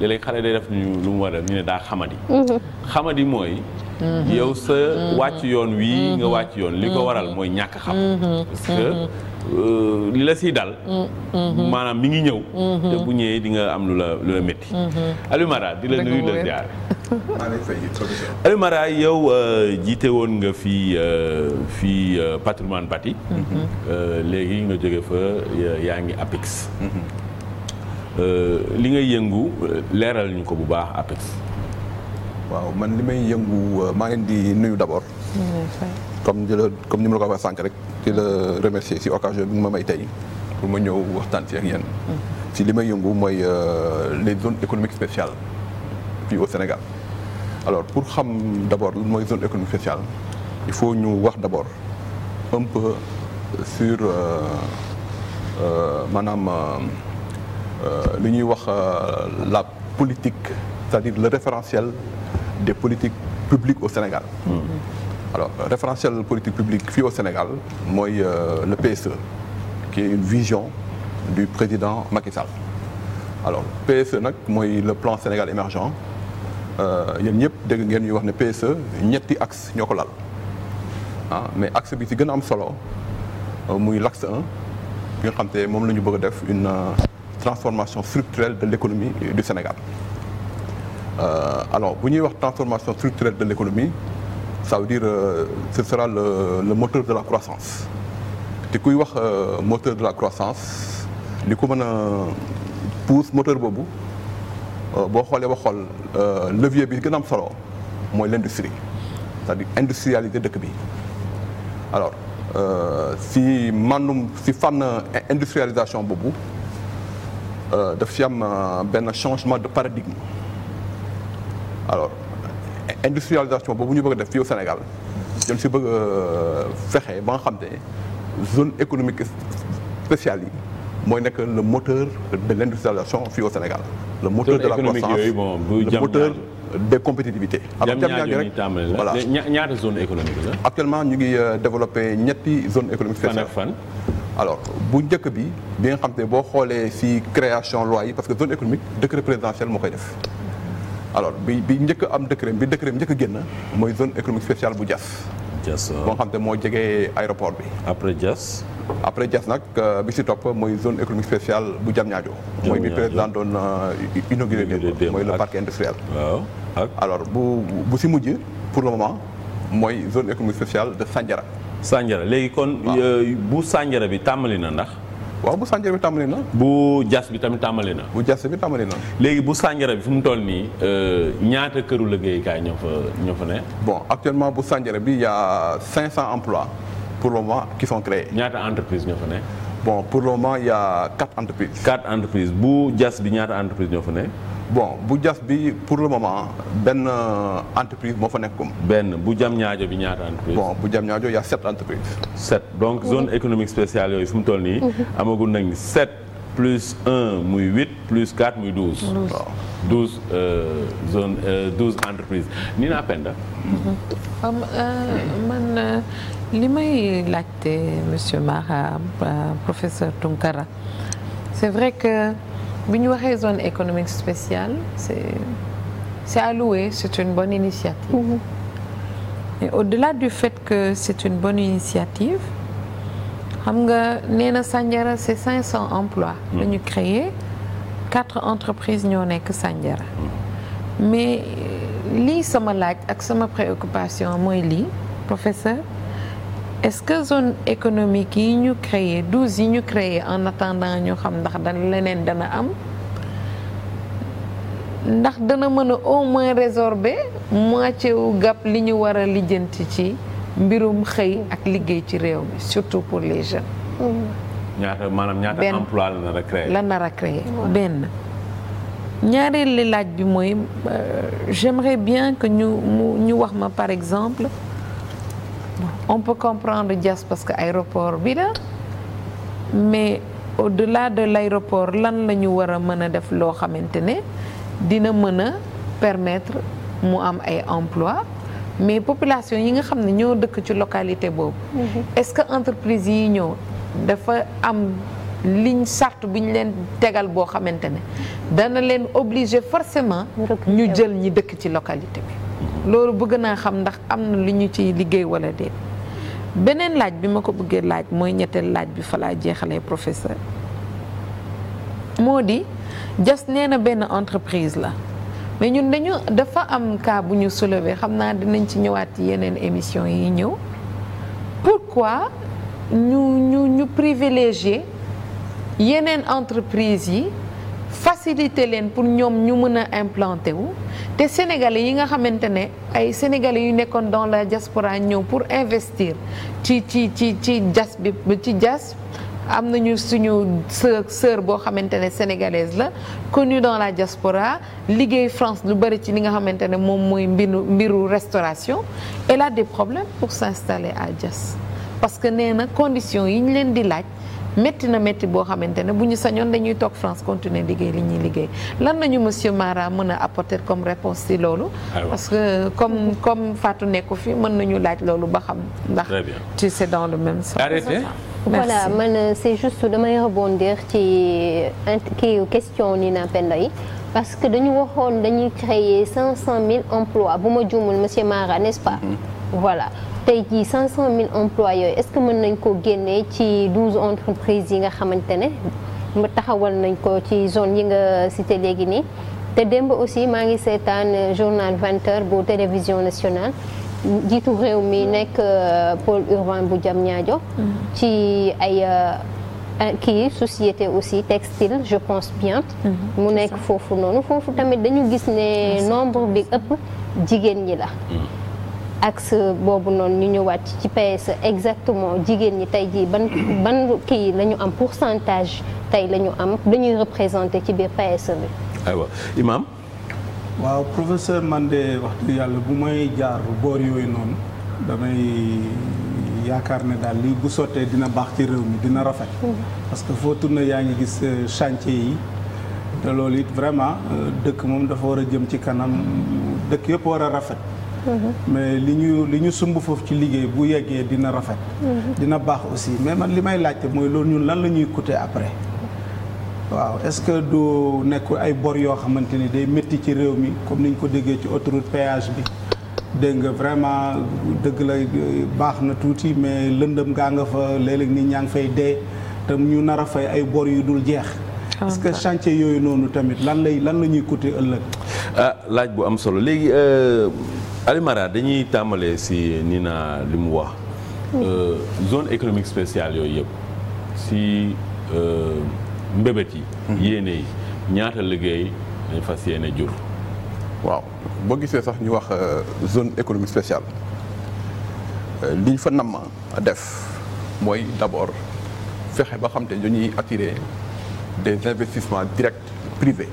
léeg-léeg xale day def ñu lu mu war a ñu ne daa xamadi. Mm-hmm. xamadi mooy. Mm-hmm. yow sa mm-hmm. wàcc yoon wii nga mm-hmm. wàcc yoon li ko waral mooy ñàkk xam parce que euh, li la siy dal maanaam mi ngi ñëw te bu ñëwee di nga am lu la lu la métti Aliou di la nuyu la ziar Aliou Mara yow euh, jiite woon nga fii euh, fii patrimoine léegi nga jóge fa yaa ngi APIX li nga yëngu leeral ñu ko bu baax APIX waaw man li may yëngu euh, maa leen di nuyu d'abord. comme di comme ni ma ko waxee sànq rek ci la remercier ci occasion bi nga ma may tey pour ma ñëw waxtaan ci ak yéen. ci mm-hmm. li may yëngu mooy euh, les zones économiques spéciales fii au Sénégal. alors pour xam d'abord lan mooy zone économique spéciale il faut ñu wax d'abord un peu sur euh, maanaam li ñuy wax la politique c'est-à-dire le référentiel de politiques publiques au Sénégal. Mmh. alors référentiel politique publique fii au Sénégal mooy euh, le PSE ki est une vision du président Macky alors PSE nag mooy le plan Sénégal émergent euh, yéen ñëpp dégg ngeen ñuy wax ne PSE ñetti axe ñoo ko lal ah mais axe bi si gën a am solo euh, muy l'axe 1 bi nga xam te moom la ñu bëgg def une transformation structurelle de l'économie du Sénégal. Euh, alors bu ñuy wax transformation structurelle de l'économie ça veut dire euh, ce sera le, le moteur de la croissance te kuy wax euh, moteur de la croissance li ko mën a pousse moteur boobu boo xoolee ba xool levier bi gën a am solo mooy l'industrie c'est-à-dire industrialiser dëkk bi alors si màndum si fànn industrialisation boobu daf ci am benn changement de paradigme alors industrialisation boobu ñu bëgg def fii au Sénégal dañ si bëgg euh, fexe ba nga xam ne zone économique spéciale yi mooy nekk le moteur de l' industrialisation fii au Sénégal. la moteur de la croissance le moteur des compétitivités. ak Diamniadio rek voilà ñaata zone économique la. actuellement ñu ngi euh, développé ñetti zone économique spéciale fan alors bu njëkk bi bi nga xam te boo xoolee si création loi yi parce que zone économique décret présidentiel moo koy def. alors bi bi njëkk am décret bi décret njëkk a génn mooy zone économique spéciale bu Diass. Diass boo xam te moo jege aéroport bi. après Diass. après Diass nag euh, bi si topp mooy zone économique spéciale bu Diamniadio. mooy bi président doon euh, inauguré démb mooy le parc industriel. waaw ak alors bu bu si mujj pour le moment mooy zone économique spéciale de Sandiara. Sandiara léegi kon. Euh, bu Sandiara bi tàmbali na ndax. waaw bu sànjara bi tàmbali na. bu jas bi tamit tàmbali na. bu jas bi tàmbali na. léegi bu sànjara bi fu mu toll nii euh, ñaata këru liggéeykaay ñoo fa ñoo fa ne. bon actuellement bu sànjara bi y' a 500 emplois pour le moment ki sont créés. ñaata entreprise ñoo fa ne. bon pour le moment y' a 4 entreprises. 4 bu jas bi ñaata entreprise ñoo fa ne. bon bu jas bi pour le moment benn euh, entreprise moo fa nekkum. benn bu jam ñaajo bi ñaata entreprise. bu jam ñaajo y' set sept entreprises. sept donc mhm. zone économique spéciale yooyu fi mu toll nii. Mhm. amagul nañ sept plus un muy huit plus quatre muy douze. waaw douze euh, zone euh, douze entreprises nii naa penda. Mhm. li may laajte monsieur Mara professeur Tunkara c'est vrai que. bi ñu waxee zone économique spéciale c'est c'est à louer c'est une bonne initiative mmh. au-delà du fait que c'est une bonne initiative xam nga nee na Sandiara c'est cinq cents emplois mmh. la ñu créé quatre entreprise ñoo nekk Sandiara mmh. mais lii sama laaj ak sama préoccupation mooy lii professeur est-ce que zone économique yi ñu créer douze yi ñu créer en attendant ñu xam ndax da leneen dana am ndax dana mën a au moins résorber moitié wu gàpp li ñu war a lijjanti ci mbirum xëy ak liggéey ci réew mi surtout pour les jeunes. Mm-hmm. ñaata maanaam ñaata li laaj bi mooy euh, j'aimerais bien que ñu mu ñu wax ma par exemple. on peut comprendre Diass parce que aéroport bi la mais au la de l'aéroport lan la ñu war a mën a def loo xamante ne dina mën a permettre mu am ay emploi mais population yi nga xam ne ñoo dëkk ci localité boobu mhm. est-ce que entreprise yi ñëw dafa am liñ charte bi ñu leen tegal boo xamante ne dana leen obligé forcément ñu jël ñi dëkk ci localité bi loolu bëgg naa xam ndax am na lu ñu ciy liggéey walla déet beneen laaj bi ma ko bëggee laaj mooy ñetteel laaj bi fa laa jeexalee professeur moo di jas nee na benn entreprise la mais ñun dañu dafa am cas bu ñu soulever xam naa dinañ ci ñëwaat ci yeneen émission yi ñëw pourquoi ñu ñu ñu privilégier yeneen entreprise yi faciliter leen pour ñoom ñu mën a implanter wu te sénégalais yi nga xamante ne ay sénégalais yu nekkoon dans la diaspora ñëw pour investir ci ci ci ci jas bi ci jas am nañu suñu sœur sœur boo xamante ne sénégalaise la connue dans la diaspora liggéey France lu bëri ci li nga xamante ne moom mooy mbiru mbiru restauration elle de des problèmes pour s'installer à Diass parce que nee na conditions yi ñu leen di laaj. métti na métti boo xamante ne bu ñu sañoon dañuy toog France continuer liggéey li ñuy liggéey lan nañu monsieur Mara mën a apporter comme réponse si loolu parce que comme comme Fatou nekku fii mën nañu laaj loolu ba xam ndax ci sais dans le même sens arrêtez voilà man c'est juste damay rebondir ci kii question Nina Penda yi parce que dañu waxoon dañuy créer cinq cent mille emplois bu ma juumul monsieur Mara n'est-ce pas mm-hmm. voilà tey jii 500000 emplois yooyu est-ce que mën nañ koo génnee ci 12 entreprises yi nga xamante ne mu taxawal nañ ko ci zone yi nga cité léegi nii te démb aussi maa ngi seetaan journal 20h bu télévision nationale jiitu réew mi nekk euh, pôle urbain bu jam ñaajo mm-hmm. ci ay euh, kii société aussi textile je pense bien. Mm-hmm. mu nekk foofu noonu foofu tamit dañu gis ne nombre bi ëpp jigéen ñi la mm-hmm. axe boobu noonu ñu ñëwaat ci PS exactement jigéen ñi tey jii ban ban kii la ñu am pourcentage tey lañu ñu am la représenté ci biir PS bi. aywa waaw professeur man de wax yàlla bu may jaar boor yooyu noonu damay. yaakaar ne daal lii bu sottee dina baax ci réew mi dina rafet mm-hmm. parce que foo tourné yaa ngi gis euh, chantier yi te loolu it vraiment euh, dëkk moom dafa war a jëm ci kanam dëkk yëpp war a rafet mais li ñu li ñu sumb foofu ci liggéey bu yeggee dina rafet. Mhm. dina baax aussi mais man li may laajte mooy loolu ñun lan la ñuy coûter après. waaw est-ce que du nekk ay bor yoo xamante ni day métti ci réew mi comme ni ñu ko déggee ci autoroute péage bi dégg nga vraiment dëgg la baax na tuuti mais lëndëm gaa nga fa léeg-léeg nit ñaa ngi fay dee te ñu nar a fay ay bor yu dul jeex. Ah, est-ce que chantier yooyu noonu tamit lan lay lan la ñuy coûter ëllëg. ah laaj bu am solo léegi. Euh, Alimara dañuy tàmbalee si Nina li mu wax euh, zone économique spéciale yooyu yëpp si euh, mbébét yi. Mhm. yéene yi ñaata liggéey dañ fas yéene jur. waaw boo gisee sax ñu wax euh, zone économique spéciale liñ ñu fa namm a def mooy d'abord fexe ba xamte te dañuy attirer des investissements directs privés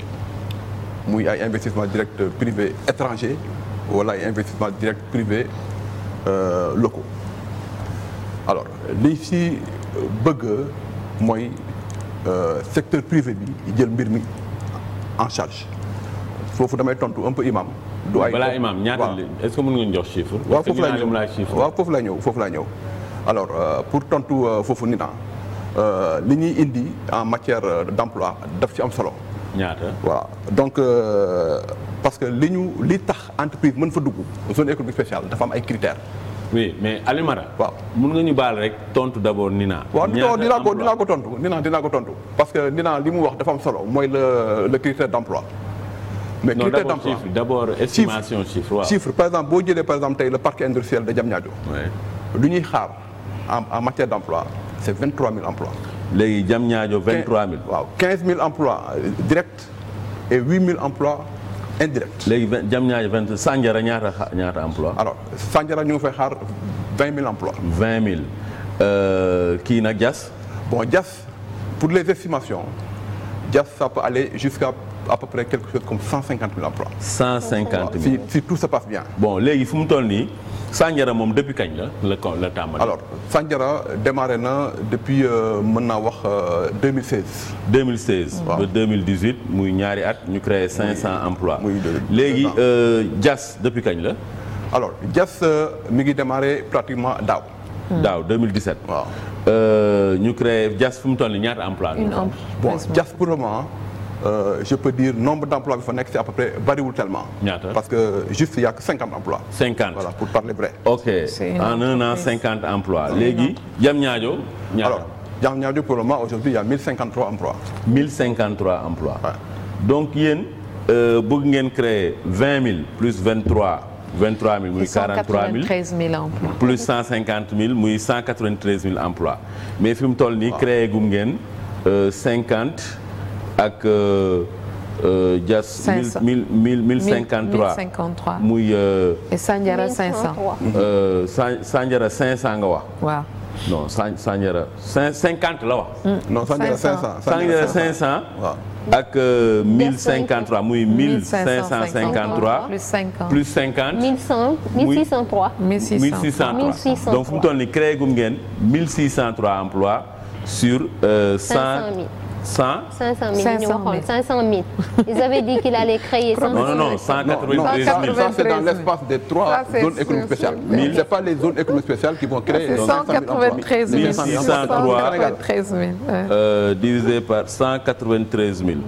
muy ay investissements directs privés étrangers. wala ay investissement direct privé euh, locaux alors liñ si euh, bëgg mooy euh, secteur privé bi jël mbir mi en charge foofu damay tontu un peu imam du ay balaa imam ñaata est-ce que jox chiffre. waaw foofu laa ñëw waaw foofu laa ñëw foofu laa ñëw alors euh, pour tontu foofu ni na li ñuy indi en matière d'emploi daf ci am solo. ñaata voilà donc euh, parce que li ñu li tax entreprise mën fa dugg zone économique spéciale dafa am ay critères. mais Alimara. waaw mun nga ñu baal rek tontu d' abord Nina. waaw non dinaa ko dinaa ko tontu Nina dinaa ko tontu. parce que Nina li mu wax dafa am solo mooy le le critère d' emploi. mais critère d' emploi d' abord estimation chiffre waaw. chiffre par exemple boo jëlee par exemple tey le parc industriel de Diamniadio. oui lu ñuy xaar en en matière d' emploi c' est 23000 emplois. léegi jam ñaajo vingt trois mille. waaw quinze mille emplois euh, direct et huit mille emplois indirects. léegi vingt jam ñaajo vingt Sandiara ñaata ñaata emplois. alors Sandiara ñu ngi xaar vingt mille emplois. vingt mille euh, kii nag Diass. bon jas pour les estimations Diass ça peut aller à peu près quelque chose comme 150 000 emplois. 150 si si tout bon léegi fu mu toll nii Sandiara moom depuis kañ la la la tàmbali. alors Sandiara démarré na depuis euh, mën naa wax 2016. Euh, 2016. waaw ba 2018 muy ñaari at ñu cinq 500 emplois. muy léegi euh, Diass depuis kañ la. alors jas mi ngi démarré pratiquement daaw. Hmm. daaw 2017. waaw ñu créé jas fu mu toll nii ñaata emploi. une bon Euh, je peux dire nombre d'emplois bi fa nekk c'est à peu près bariwul tellement. ñaata parce que juste y a que cinquante emplois. pour parler vrai. ok en un an cinquante emplois. léegi jam ñaajo. ñaata alors jam ñaajo pour le aujourd'hui il y mille cinquante trois mille cinquante trois emplois. donc yéen euh, bëgg ngeen créer vingt mille plus vingt trois. 23000 muy 43000 193000 emplois plus 150000 muy 193000 emplois mais fi mu toll nii créé gum ngeen 50. Euh, ak euh, euh, Dias. 500 mille mille mille cinquante trois muy. Euh, et Sandiara 500. San Sandiara 500 nga wax. waaw. non San Sandiara 50 la wax. Mm. non Sandiara 500 ak 1053 muy plus 50 plus 50 1100 1603 1603 donc fu mu toll nii créé gum ngeen 1603 emplois sur cent. cinq cent mille ñu cinq cent mille. ils avaient dit qu'il allait créer. cent non non cent par cent quatre-vingt-treize mille.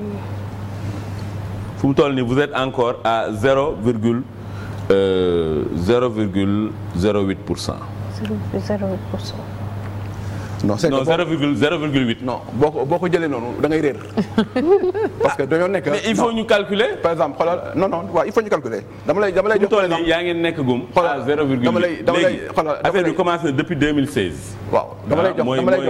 fu mu toll nii à zéro virgule euh, zéro virgule zéro pour cent. non c'est que boo ko boo ko jëlee noonu da ngay réer parce que dañoo nekk. mais il faut ñu calculer. par exemple xoolal non non waaw il faut ñu calculer. dama lay dama lay jox par exemple yaa ngi nekk gum. xoolal 0,8 dama lay dama lay xoolal affaire bi commencé na depuis 2016. Ah,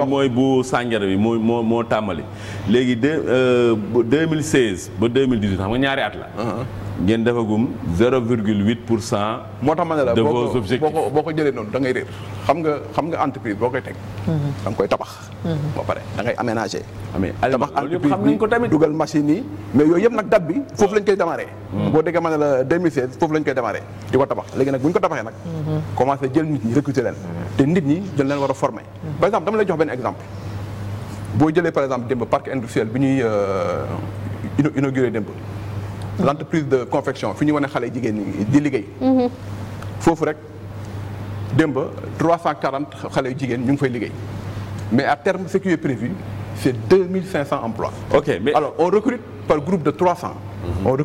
mooy bu sànjara bi moo moo moo tàmbali. léegi de 2016 euh, ba 2018 xam nga ñaari at la. Uh-huh. ngeen defagum zéro virgule huit pour cent. moo tax ma ne la boo ko boo ko jëlee noonu da ngay réer xam nga xam nga entreprise boo koy teg. Mhm. da nga koy tabax. Mhm. ba pare da ngay aménager. amee ah, tabax entreprise bi ko tamit dugal machine yi. mais yooyu yëpp nag date foofu lañ koy démarré. Mhm. boo déggee ma ne la 2016 foofu lañ koy démarré di ko tabax léegi nag bu ñu ko tabaxee nag. commencé jël nit ñi recruter leen. te nit ñi dañ leen war a former. par exemple dama lay jox benn exemple. boo jëlee par exemple démb parc industriel bi ñuy euh, inauguré démb. l'entreprise de confection fi ñu wane xale jigéen ñi di liggéey. Mhm. foofu rek démb 340 xale yu jigéen ñu ngi fay liggéey mais à terme ce qui est prévu c'est 2500 emplois. ok mais alors on recrute par groupe de 300. Mhm. on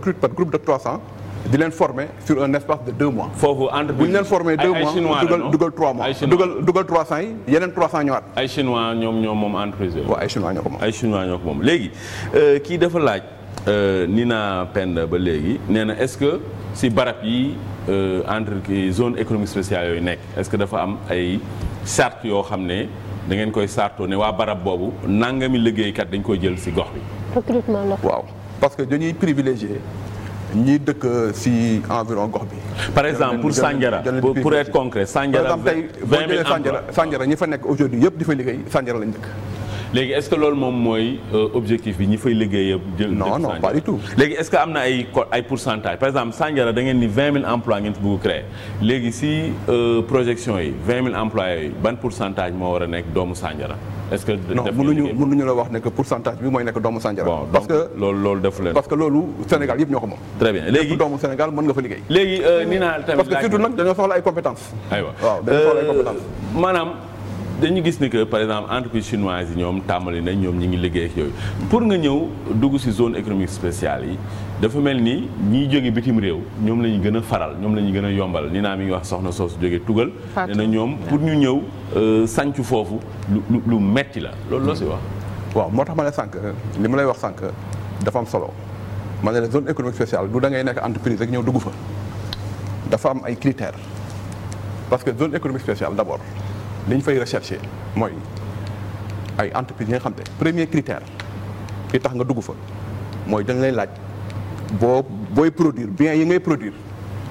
di leen former sur un espace de deux mois. foofu entreprise bu ñu leen former mois dugal trois mois. dugal trois cent yi yeneen trois cent ñëwaat. ay chinois ñoom ñoom moom entreprise yooyu. waaw ay ay chinois ñoo ko moom léegi euh, kii dafa laaj. Euh, Nina Penda ba léegi nee na est-ce que si barab yi euh, entre zone économique spéciale yooyu nekk est-ce que dafa am ay charte yoo xam ne da ngeen koy sartoo ne waa barab boobu nangami liggéeykat dañ koy jël si gox bi. recrutement la waaw parce que dañuy privilégié ñi dëkk euh, si environ gox bi. par exemple pour Sandiara pour être concret. Sandiara par exemple tey boo jëlee Sandiara Sandiara ñi fa nekk aujourd'hui yëpp di fa liggéey Sandiara lañ dëkk. léegi est-ce que loolu moom mooy euh, objectif bi ñi fay liggéey yëpp jël non non pas du tout léegi est-ce que am na ay ay pourcentage par exemple Sandiara da ni vingt mille emplois ngeen fi bëgg créer léegi si euh, projection yi vingt mille emplois yooyu ban pourcentage moo war a nekk doomu Sandiara est-ce que non mënuñu mënuñu la wax ne que pourcentage bi mooy nekk doomu Sandiara bon parce que loolu loolu defu leen parce que loolu Sénégal yëpp ñoo ko moom très bien léegi doomu Sénégal dañu gis ni que par exemple entreprise chinoise yi ñoom tàmbali nañ ñoom ñi ngi liggéey ak yooyu pour nga ñëw dugg ci zone économique spéciale yi dafa mel ni ñiy jóge bitim réew ñoom la ñu gën a faral ñoom la ñu gën a yombal ni naa mi ngi wax soxna soosu jóge tugal nee na ñoom pour ñu ñëw euh, sanc foofu lu lu metti la loolu loo ci wax waaw moo tax ma ne sànq li ma lay wax sànq dafa am solo ma ne zone économique spéciale du da ngay nekk entreprise rek ñëw dugg fa dafa am ay critères parce que zone économique spéciale d'abord li ñu fay recherché mooy ay entreprise yi nga xam te premier critère li tax nga dugg fa mooy dañ lay laaj boo booy produire biens yi ngay produire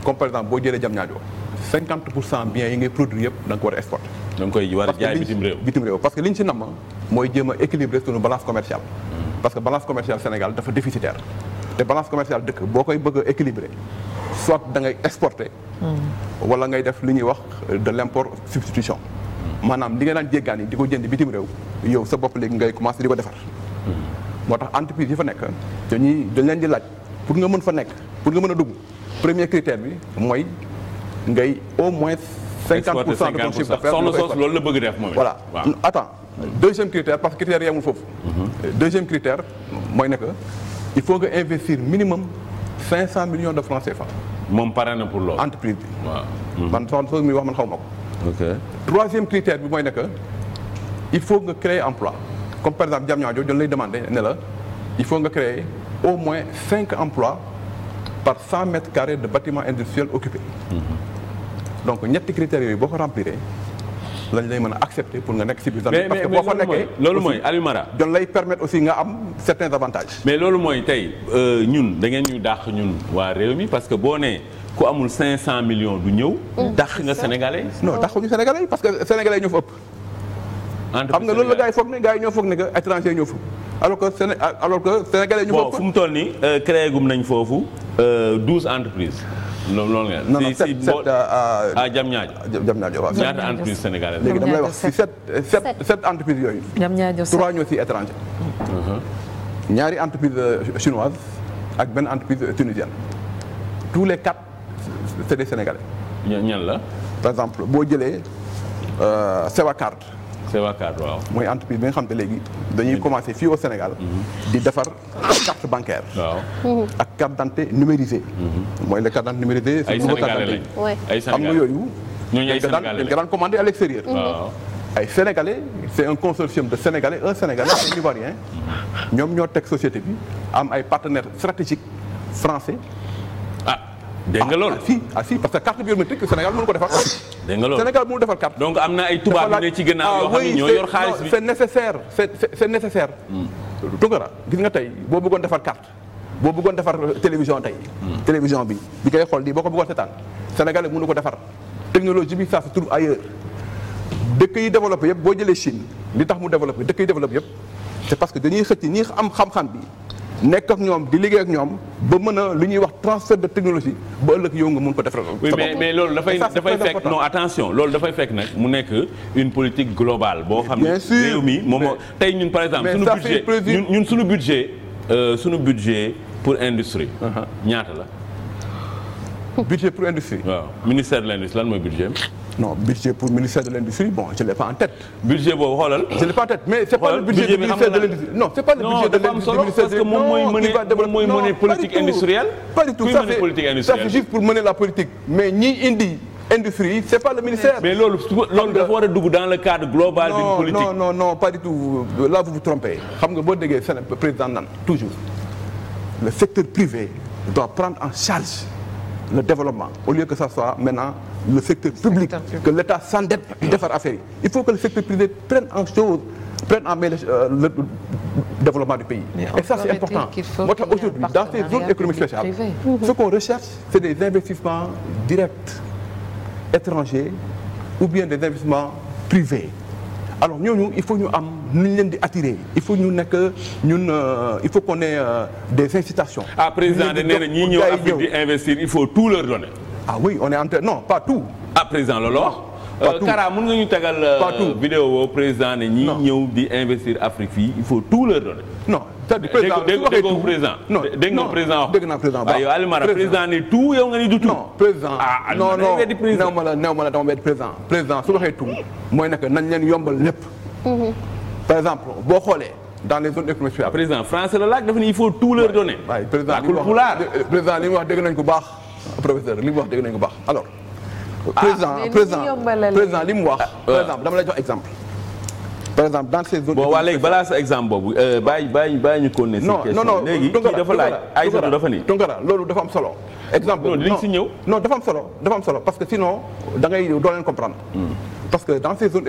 comme par exemple boo jëlee jam ñaajoo cinquante pour cent biens yi ngay produire yëpp da nga ko war a exporter. da nga koy a jaay bitim réew bitim réew parce que li ñu si namm mooy jéem a équilibrer balance commerciale. Hmm. parce que balance commerciale Sénégal dafa déficitaire te balance commerciale dëkk boo koy bëgg a équilibrer soit dangay ngay exporter. Hmm. wala ngay def li ñuy wax de l' import substitution. maanaam li nga daan jéggaani di ko jënd bitim réew yow sa bopp léegi ngay commencé di ko defar moo tax entreprise yi fa nekk dañuy dañ leen di laaj pour nga mën fa nekk pour nga mën a dugg premier critère bi mooy ngay au moins cinquante pour cent de ton chiffre d'affaires loolu la bëgg def moom voilà attends deuxième critère parce que critère yamul foofu mhm. deuxième critère mooy nekk il faut nga investir minimum cinq cent millions de francs fa moom pare na pour loolu entreprise bi man soxna soos muy wax man xaw ma ko ok troisième critère bi mooy ne il faut nga créer emploi comme par exemple Diamniadio dañ lay demande ne la il faut nga créer au moins cinq emplois par cent mètres carrés de bâtiment industriel occupé. Mhm. donc ñetti critères yooyu boo ko remplir lañ lay mën a accepter pour nga nekk ci biir. mais parce que boo ko nekkee loolu mooy Aliou Mara. doon lay permettre aussi nga am certains avantages. mais loolu mooy tey euh, ñun da ngeen ñu dàq ñun waa réew mi parce que boo nee. ku amul 500 millions du ñëw. Mm. dàq nga sénégalais. non dàquñu sénégalais parce que sénégalais ñoo fa ëpp. xam nga loolu la gars yi foog ne gars yi ñoo foog ne que étranger ñoo fa alors que Séné alors que sénégalais ñu fa ëpp. bon fu mu toll nii euh, créé gum nañ foofu 12 euh, entreprises. loolu loolu ngeen. non non sept sept à Diamniadio. Diamniadio waaw ñaata entreprise sénégalaise. léegi dama wax si sept sept sept entreprises yooyu. Diamniadio sept trois ñoo si uh-huh. ñaari entreprise euh, chinoise ak benn entreprise tunisienne tous les quatre. c'est des Sénégalais. ñan la. par exemple boo jëlee euh, Sewacard. Sewacard waaw. mooy entreprise bi nga xam te léegi dañuy commencé fii au Sénégal. Mhm. di defar carte bancaire. ak carte d'identité numérisée. Mhm. mooy la carte d'identité numérisée. ay Sénégalais lañ ay Sénégalais am yooyu. ñooñu ay Sénégalais lañ dañ ko daan ay sénégalais c'est un consortium de sénégalais un sénégalais un ivoirien mhm. ñoom ñoo teg société bi am ay partenaires stratégiques français ah, dégg nga loolu ah si ah si parce que carte biométrique Sénégal mënu ko defar. dégg nga loolu Sénégal mënu defar carte. donc am na ne ci gannaaw yoo ah, xam ne ñoo yor xaalis bi c'est nécessaire c'est nécessaire. Hmm. Tounkara gis nga tey boo bëggoon defar carte boo bëggoon defar télévision tey. Hmm. télévision bi bi ngay xool di boo ko bëggoon seetaan Sénégal mënu ko defar technologie bi ça se trouve ailleurs dëkk yi développé yëpp boo jëlee Chine li tax mu développé dëkk yi développé yëpp c'est parce que dañuy xëcc ñi am xam-xam bi. nekk ak ñoom di liggéey ak ñoom ba mën a lu ñuy wax transfert de technologie ba ëllëg yow nga mun ko def oui mais mais loolu dafay dafay fekk non attention loolu dafay fekk nag mu nekk une politique globale. boo xam ne réew mi moom moo tey ñun par exemple. suñu budget ñun suñu budget euh, suñu budget pour industrie. Uh-huh. ñaata la. budget pour industrie. waaw ministère de l'industrie lan mooy budget non budget pour ministère de l'industrie bon je l'ai pas en tête. budget boobu xoolal. je l'ai pas en tête mais c'est pas le budget du ministère de l'industrie non c'est pas le budget de l'industrie politique industrielle. pas du tout ça c'est ça pour mener la politique. mais ñi industrie c'est pas le ministère. mais loolu loolu a dugg dans le cadre global. d'une politique pas du tout là vous vous boo déggee seen président nan toujours le secteur privé doit prendre en charge. le développement au lieu que ça soit maintenant le secteur public que l'État s'endette defar affaire yi il faut que le secteur privé prenne en chose prenne en main le euh, développement du pays et ça c'est important moo aujourd'hui dans ces zones économiques spéciales ce qu'on recherche c'est des investissements directs étrangers ou bien des investissements privés alors ñooñu il faut ñu am nuñ leen di attirer i faut ñu nekk ñun euh, il faut qu'on ait euh, des incitations. ah président de nee ñi ñëw Afrique di investir il faut tout leur donner. ah oui on est en train non pas tout. ah président loolu euh, wax. Kara mën nga ñu tagal. partout vidéo investir Afrique fii il faut tout leur donner. non c'est-à-dire président dégg nga président. non dégg nga président dégg naa président waaw yow Aliou non président mooy nekk nañ leen yombal lépp. Mm-hmm. par exemple boo xoolee dans les zones économiques spéciales. président français la laaj dafa il faut tout leur donner. président li mu wax euh, euh, président li mu wax dégg nañu ko baax professeur li mu wax dégg nañu ko baax alors. Ah, président président wax. Ah, par exemple dama lay jox exemple. par exemple dans sa exemple boobu euh, bàyyi bàyyi bàyyi ñu ko ne. non non non loolu dafa am solo. exemple non li si ñëw. non dafa solo parce que sinon da ngay comprendre. Hmm. parce que dans ces zones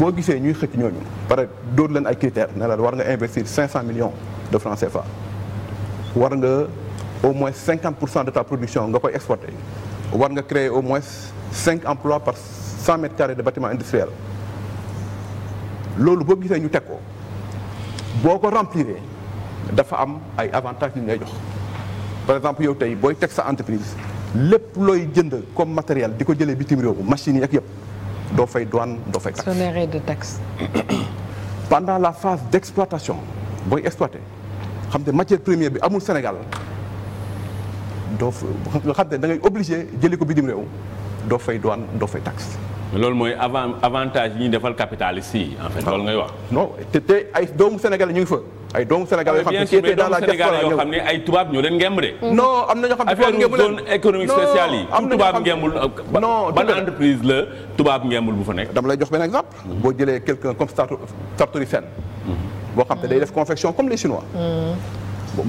boo gisee ñuy xëcc ñooñu pare dóor leen ay critères ne la war nga investir 500 millions de francs fa war nga au moins 50 pour cent de ta production nga koy exporter war nga créer au moins 5 emplois par 100 mètres carrés de bâtiment industriel loolu boo gisee ñu teg ko boo ko remplir dafa am ay avantages yu ngay jox par exemple yow tey booy teg sa entreprise lépp looy jënd comme matériel di ko jëlee bitim réew machines yi ak yëpp. doo fay douane doo fay taxe. exonéré de taxe. pendant la phase d' exploitation booy exploité xam ne matière première bi amul Sénégal doo nga xam da ngay obligé jëli ko bitim réew doo fay douane doo fay taxe. loolu mooy avant avantage yi ñuy defal capitaliste yi loolu ngay wax. non te te ay doomu Sénégal ñu ngi fa. ay doomu Sénégal yoo xam ne qui ne ay tubaab ñoo leen ngemb de. non am na ñoo xam ne tubaab ngemb zone euh, entreprise la tubaab ngembul bu fa nekk. dama lay jox benn exemple. boo jëlee quelqu'un comme Sartori Sen. boo xam ne day def confection comme les chinois. Mm.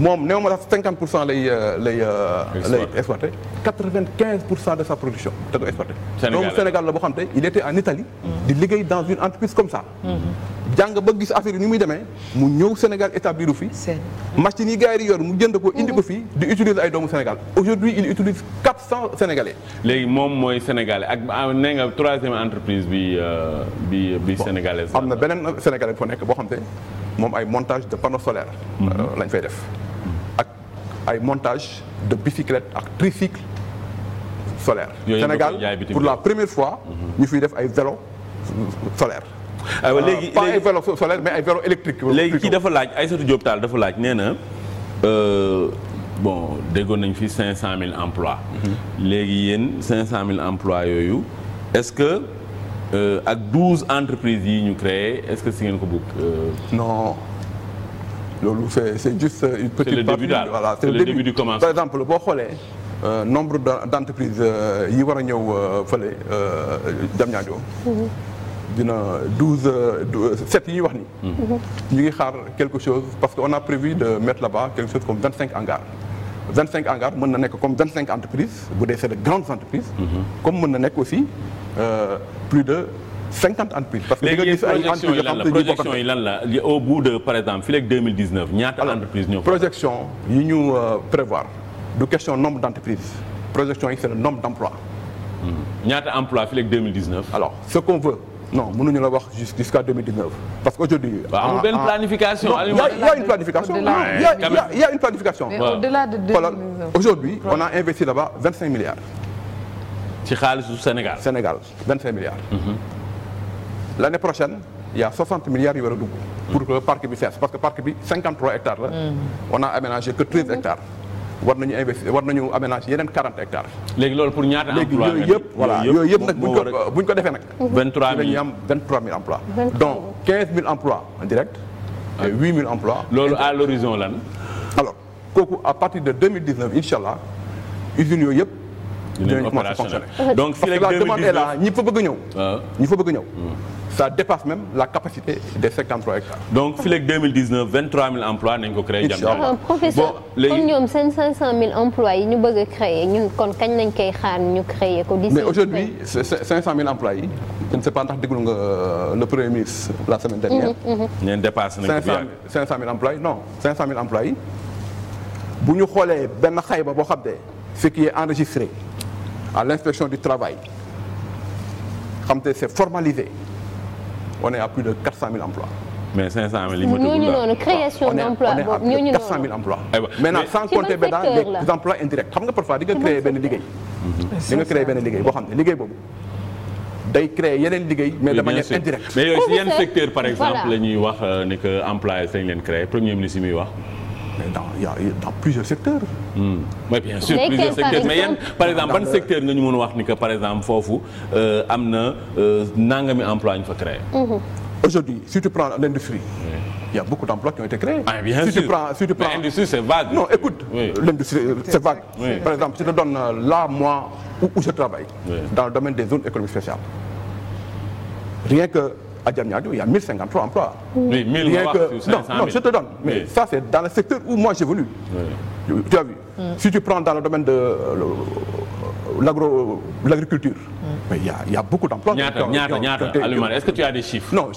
moom néew ma pour cent lay euh, lay. Euh, lay exporté 95 pour cent de sa production te du exporté. Sénégal Sénégal la boo xam ne il était en Italie. Mm. di liggéey dans une entreprise comme ça. Mm-hmm. jàng ba gis affaire ni muy demee mu ñëw Sénégal établir fi machine yi gars yi yor mu jënd ko indi ko mmh. fii di utiliser ay doomu Sénégal aujourd'hui il utilise quatre cent Sénégalais léegi moom mooy Sénégalais ak ah, nee nga troisième entreprise bi euh, bi bi sénégalaise am na beneen Sénégalais bu nekk boo xam te moom ay montage de panneau solaire mmh. euh, lañ fay def mmh. ak ay montage de bicyclette ak tricycle solaire Sénégal pour la première fois ñu fiy def ay vélo solaire aywa ah, léegi pas ay vélo solaire mais léegi kii dafa laaj Aïssatou Diop Tall dafa laaj nee na euh, bon déggoon nañ fi 500000 emplois. Mhm. léegi yéen mille emplois yooyu est-ce que euh, ak 12 entreprises yi ñu créer est-ce que si ngeen ko bëgg. Euh? non. loolu c' est c' est juste une petite partie voilà c' est le début du commencement par exemple boo xoolee nombre d' entreprises yi war a ñëw fële Diamniadio mhm. dina ñuy wax ni mhm. ñu ngi xaar quelque chose parce que on a prévu de mettre là-bas quelque chose comme vingt cinq hangars na nekk comme vingt cinq entreprises bu dee c'est de grandes entreprises mhm. comme mën na nekk aussi euh, plus de cinquante entreprises. parce que di nga gis ay entreprises yoo xam te projection yi lan la au bout de par exemple fii léegi deux mille projection yi ñu euh, prévoir du question nombre d' entreprises projection yi c' est le nombre d' hmm. emplois. ñaata emploi fii léegi deux ce qu'on veut. non mënuñu la wax jusqu'à 2019 parce que aujourd'hui amul ah, benn ah, planification non, il y a une planification ah, il y a une planification ci xaalisu Sénégal Sénégal 25 milliards mhm. l'année prochaine il y a 60 milliards yu war a dugg pour que parc bi parc bi 53 hectares la mhm. on a aménagé que 13 war nañu investir war nañu aménage yeneen 40 hectares. léegi loolu pour ñaata emploi léegi yooyu yëpp voilà yooyu yëpp nag bu ñu ko bu ñu ko defee nag. 23000 dañuy am 23000 emplois. donc 15000 emplois direct. et mille emplois. loolu à l'horizon lan. alors kooku à partir de 2019 incha allah usines yooyu yëpp. dinañ commencé donc fii la demande est là ñi fa bëgg ñëw. Ah. ñi hmm. dépasse même la capacité des 53 hectares. donc fii léegi 2019 23000 emplois nañ ko créé. jàmm ah, professeur kon ñoom seen yi ñu bëgg a kon kañ lañ koy xaar ñu créé ko. mais aujourd'hui 500000 emplois yi. je ne sais pas ndax déglu nga euh, le premier ministre la semaine dernière. Mm-hmm, mm-hmm. ñeen dépassé nañ ko 500000 emplois yi non 500000 emplois yi bu ñu xoolee benn xay ba boo xam ne ce qui est enregistré. à l'inspection du travail xam te c'est formalisé on est à plus de 400 000 emplois. mais 500 000 yi motul ñooñu noonu création d'emploi boobu de 400 000 xam nga parfois di créer benn liggéey. Mhm. di créer benn liggéey boo xam ne liggéey boobu. day créer yeneen liggéey. mais de manière indirecte. mais yenn secteur par exemple la ñuy wax euh, ni que employés dañ leen créer premier ministre mi wax. mais dans y' a dans plusieurs secteurs. Hmm. mais bien sûr plusieurs secteurs mais yéen par exemple ban secteur nga ñu mën a wax ni par exemple foofu euh, am na euh, nangami emploi ñu fa créé. Mhm. aujourd'hui si tu prends l'industrie i y a beaucoup d'emplois qui ont été créés. Ah, si tu prends, l'industrie c'est vague. non écoute l'industrie euh, c'est vague. par exemple je te donne là moi où, je travaille. dans le domaine des zones économiques spéciales. rien que à Diamniadio, il a 1053 emplois. Oui, 1000 rien que... sur non, non, je te donne. Mais oui. ça, c'est dans le secteur où moi j'évolue. Oui. Tu as vu. Mm. Si tu prends dans le domaine de euh, l'agriculture, mm. mais il y, a, beaucoup d'emplois. Non, je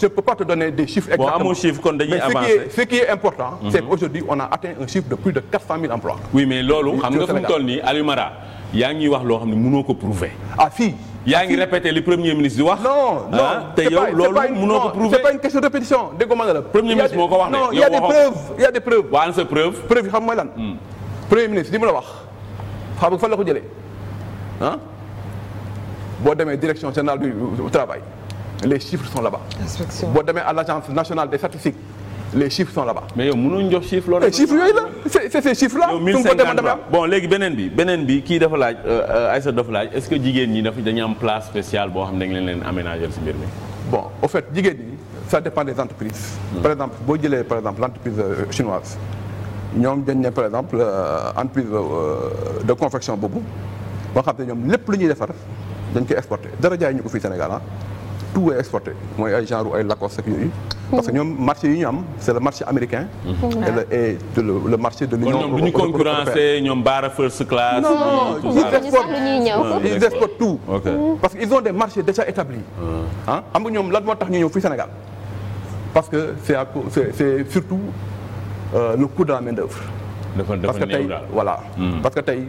ne peux pas te donner des chiffres exactement. Bon, à mon chiffre, mais ce qui, est, ce qui est important, mm-hmm. c'est qu'aujourd'hui, on a atteint un chiffre de plus de 400 000 emplois. Oui, mais Lolo, tu sais, Alumara, il y a un qui a prouver. Ah, si yaa ngi répété li premier ministre di wax. non non ah, te yow loolu mënoo ko prouver. c'est pas une question de répétition dégg ma ne la. premier ministre moo ko wax ne. non y a des preuves y a des preuves. waaw sa lan. Hmm. premier ministre li mu la wax xam nga fan la ko jëlee ah boo demee direction générale du travail les chiffres sont là-bas. inspection boo demee à l'agence nationale des statistiques. les chiffres sont là mais yow mënuñ jox chiffre loolu. Eh, chiffres yooyu la c'est c'est ces chiffres là. léegi beneen bi beneen bi kii dafa laaj euh, Aïssa dafa est-ce que jigéen ñi dafa dañu am place boo xam ne da leen aménager ci mbir mi. bon jigéen ñi ça dépend des entreprises. Hmm. par exemple boo jëlee par exemple l'entreprise euh, chinoise ñoom dañ ne par exemple euh, entreprise de confection boobu boo xam ne ñoom lépp lu ñuy defar dañ koy exporter dara jaay ñu ko fii Sénégal ah. tout est exporté mooy ay genre ay Lacoste ak yooyu. parce que ñoom marché yi ñu am c' est le marché américain. Mm-hmm. et le le marché de l' union. kon ñoom du ñu concurrencé ñoom Baara first ils exportent ah, tout. parce que ils ont des marchés déjà établis. Ah. ah xam nga ñoom lan moo tax ñu ñëw fii Sénégal. parce que c' est à surtout euh, le coût de la main d' hmm. parce que tey voilà. parce que tey.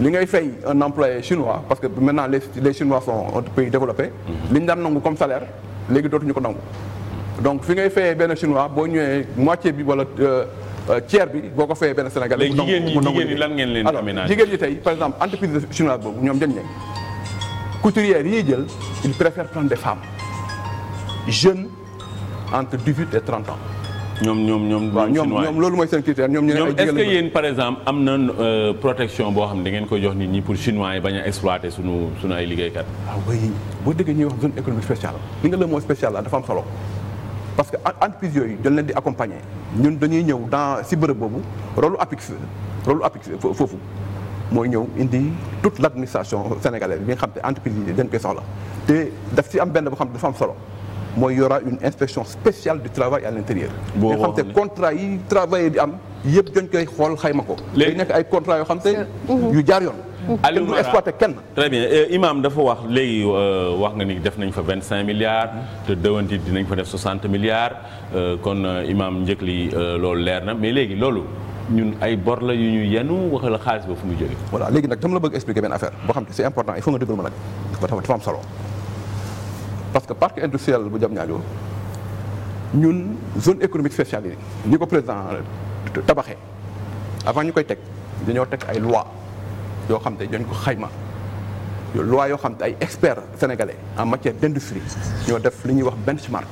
li ngay fay un employé chinois parce que maintenant les les chinois sont un pays développé. Mhm. li ñu daan nangu comme salaire léegi dootuñu ko nangu. donc fi ngay fayee benn chinois boo ñëwee moitié bi wala euh, euh, tiers bi boo ko fayee benn sénégalais. mu nangu mu nangu léegi jigéen ñi jigéen ñi lan ngeen leen aménagé. jigéen ñi tey par exemple entreprise chinoise boobu ñoom jënd nañ couturières yi jël ils préfèrent prendre des femmes jeunes entre dix-huit et trente ans. ñoom ñoom ñoom. ñoom ñoom loolu mooy seen critère ñoom ñu ne ay est-ce que yéen par exemple am na euh, protection boo xam ne da ngeen koy jox nii ñi pour chinois yi bañ a exploiter su sunu ay kat waaw bay boo déggee ñuy wax zone économique nga la moo spéciale la dafa parce que entreprise yooyu dañ leen di accompagner ñun dañuy ñëw dans si bërëb boobu rôle lu APIX rôle lu foofu mooy ñëw indi toute l' administration sénégalaise bi nga xam te entreprise yi dañ koy soxla te daf si am benn boo xam dafa am solo. mooy y une inspection spéciale du travail à l'intérieur boo xam te yi travailleurs di am yëpp dañ koy xool xayma ko. léegi nekk ay contrat yoo xam te yu jaar yoon. Mhm. Aliou Mara exploité kenn. très bien Imaam dafa wax léegi euh, wax nga ni def nañ fa vingt cinq milliards te dëwanti dinañ fa def soixante milliards euh, kon euh, Imaam njëkk li loolu leer na mais léegi loolu ñun ay bor la yu ñu yenu waxal xaalis ba fu mu jógee. voilà léegi nag dama la bëgg expliquer benn affaire boo xam te c'est important il nga déglu nag dafa dafa am parce que parc industriel bu Diamniadio ñun zone économique spéciale yi ñi ko président tabaxe avant ñu koy teg dañoo teg ay loi yoo xam te dañ ko xayma loi yoo xam te ay experts sénégalais en matière d'industrie ñoo def li ñuy wax benchmark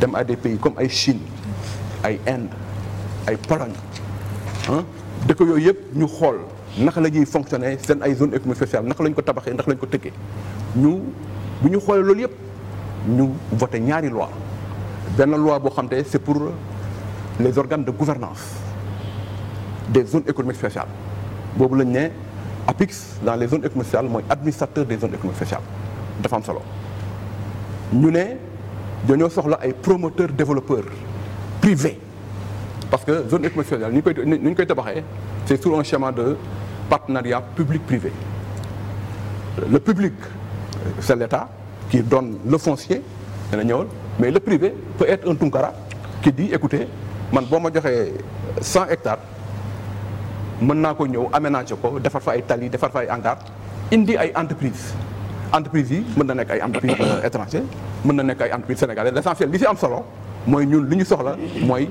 dem à des pays comme ay Chine ay Inde ay Pologne ah dëkk yooyu yëpp ñu xool naka la ñuy fonctionner seen ay zone économique spéciale naka lañ ko tabaxee naka lañ ko tëggee ñu bu ñu xoolee loolu yëpp ñu voté ñaari loi benn loi boo xam te c'est pour les organes de gouvernance des zone économiques spéciales boobu lañ ne APIX dans les zones économiques spéciales mooy administrateur des zones économiques spéciales dafa am solo ñu ne dañoo soxla ay promoteurs développeurs privés parce que zone économique spéciale ni ñu koy ni ñu koy tabaxee c'est sur un schéma de partenariat public privé le public c'est l'État qui donne le foncier dana ñëwal mais le privé peut être un tunkara qui dit écoutez man boo ma joxee cent hectares mën naa ko ñëw aménager ko defar fa ay tali defar fa ay hangar indi ay entreprise entreprise yi mën na nekk ay entreprise étranger mën na nekk ay entreprise sénégalaise l'essentiel li si am solo mooy ñun li ñu soxla mooy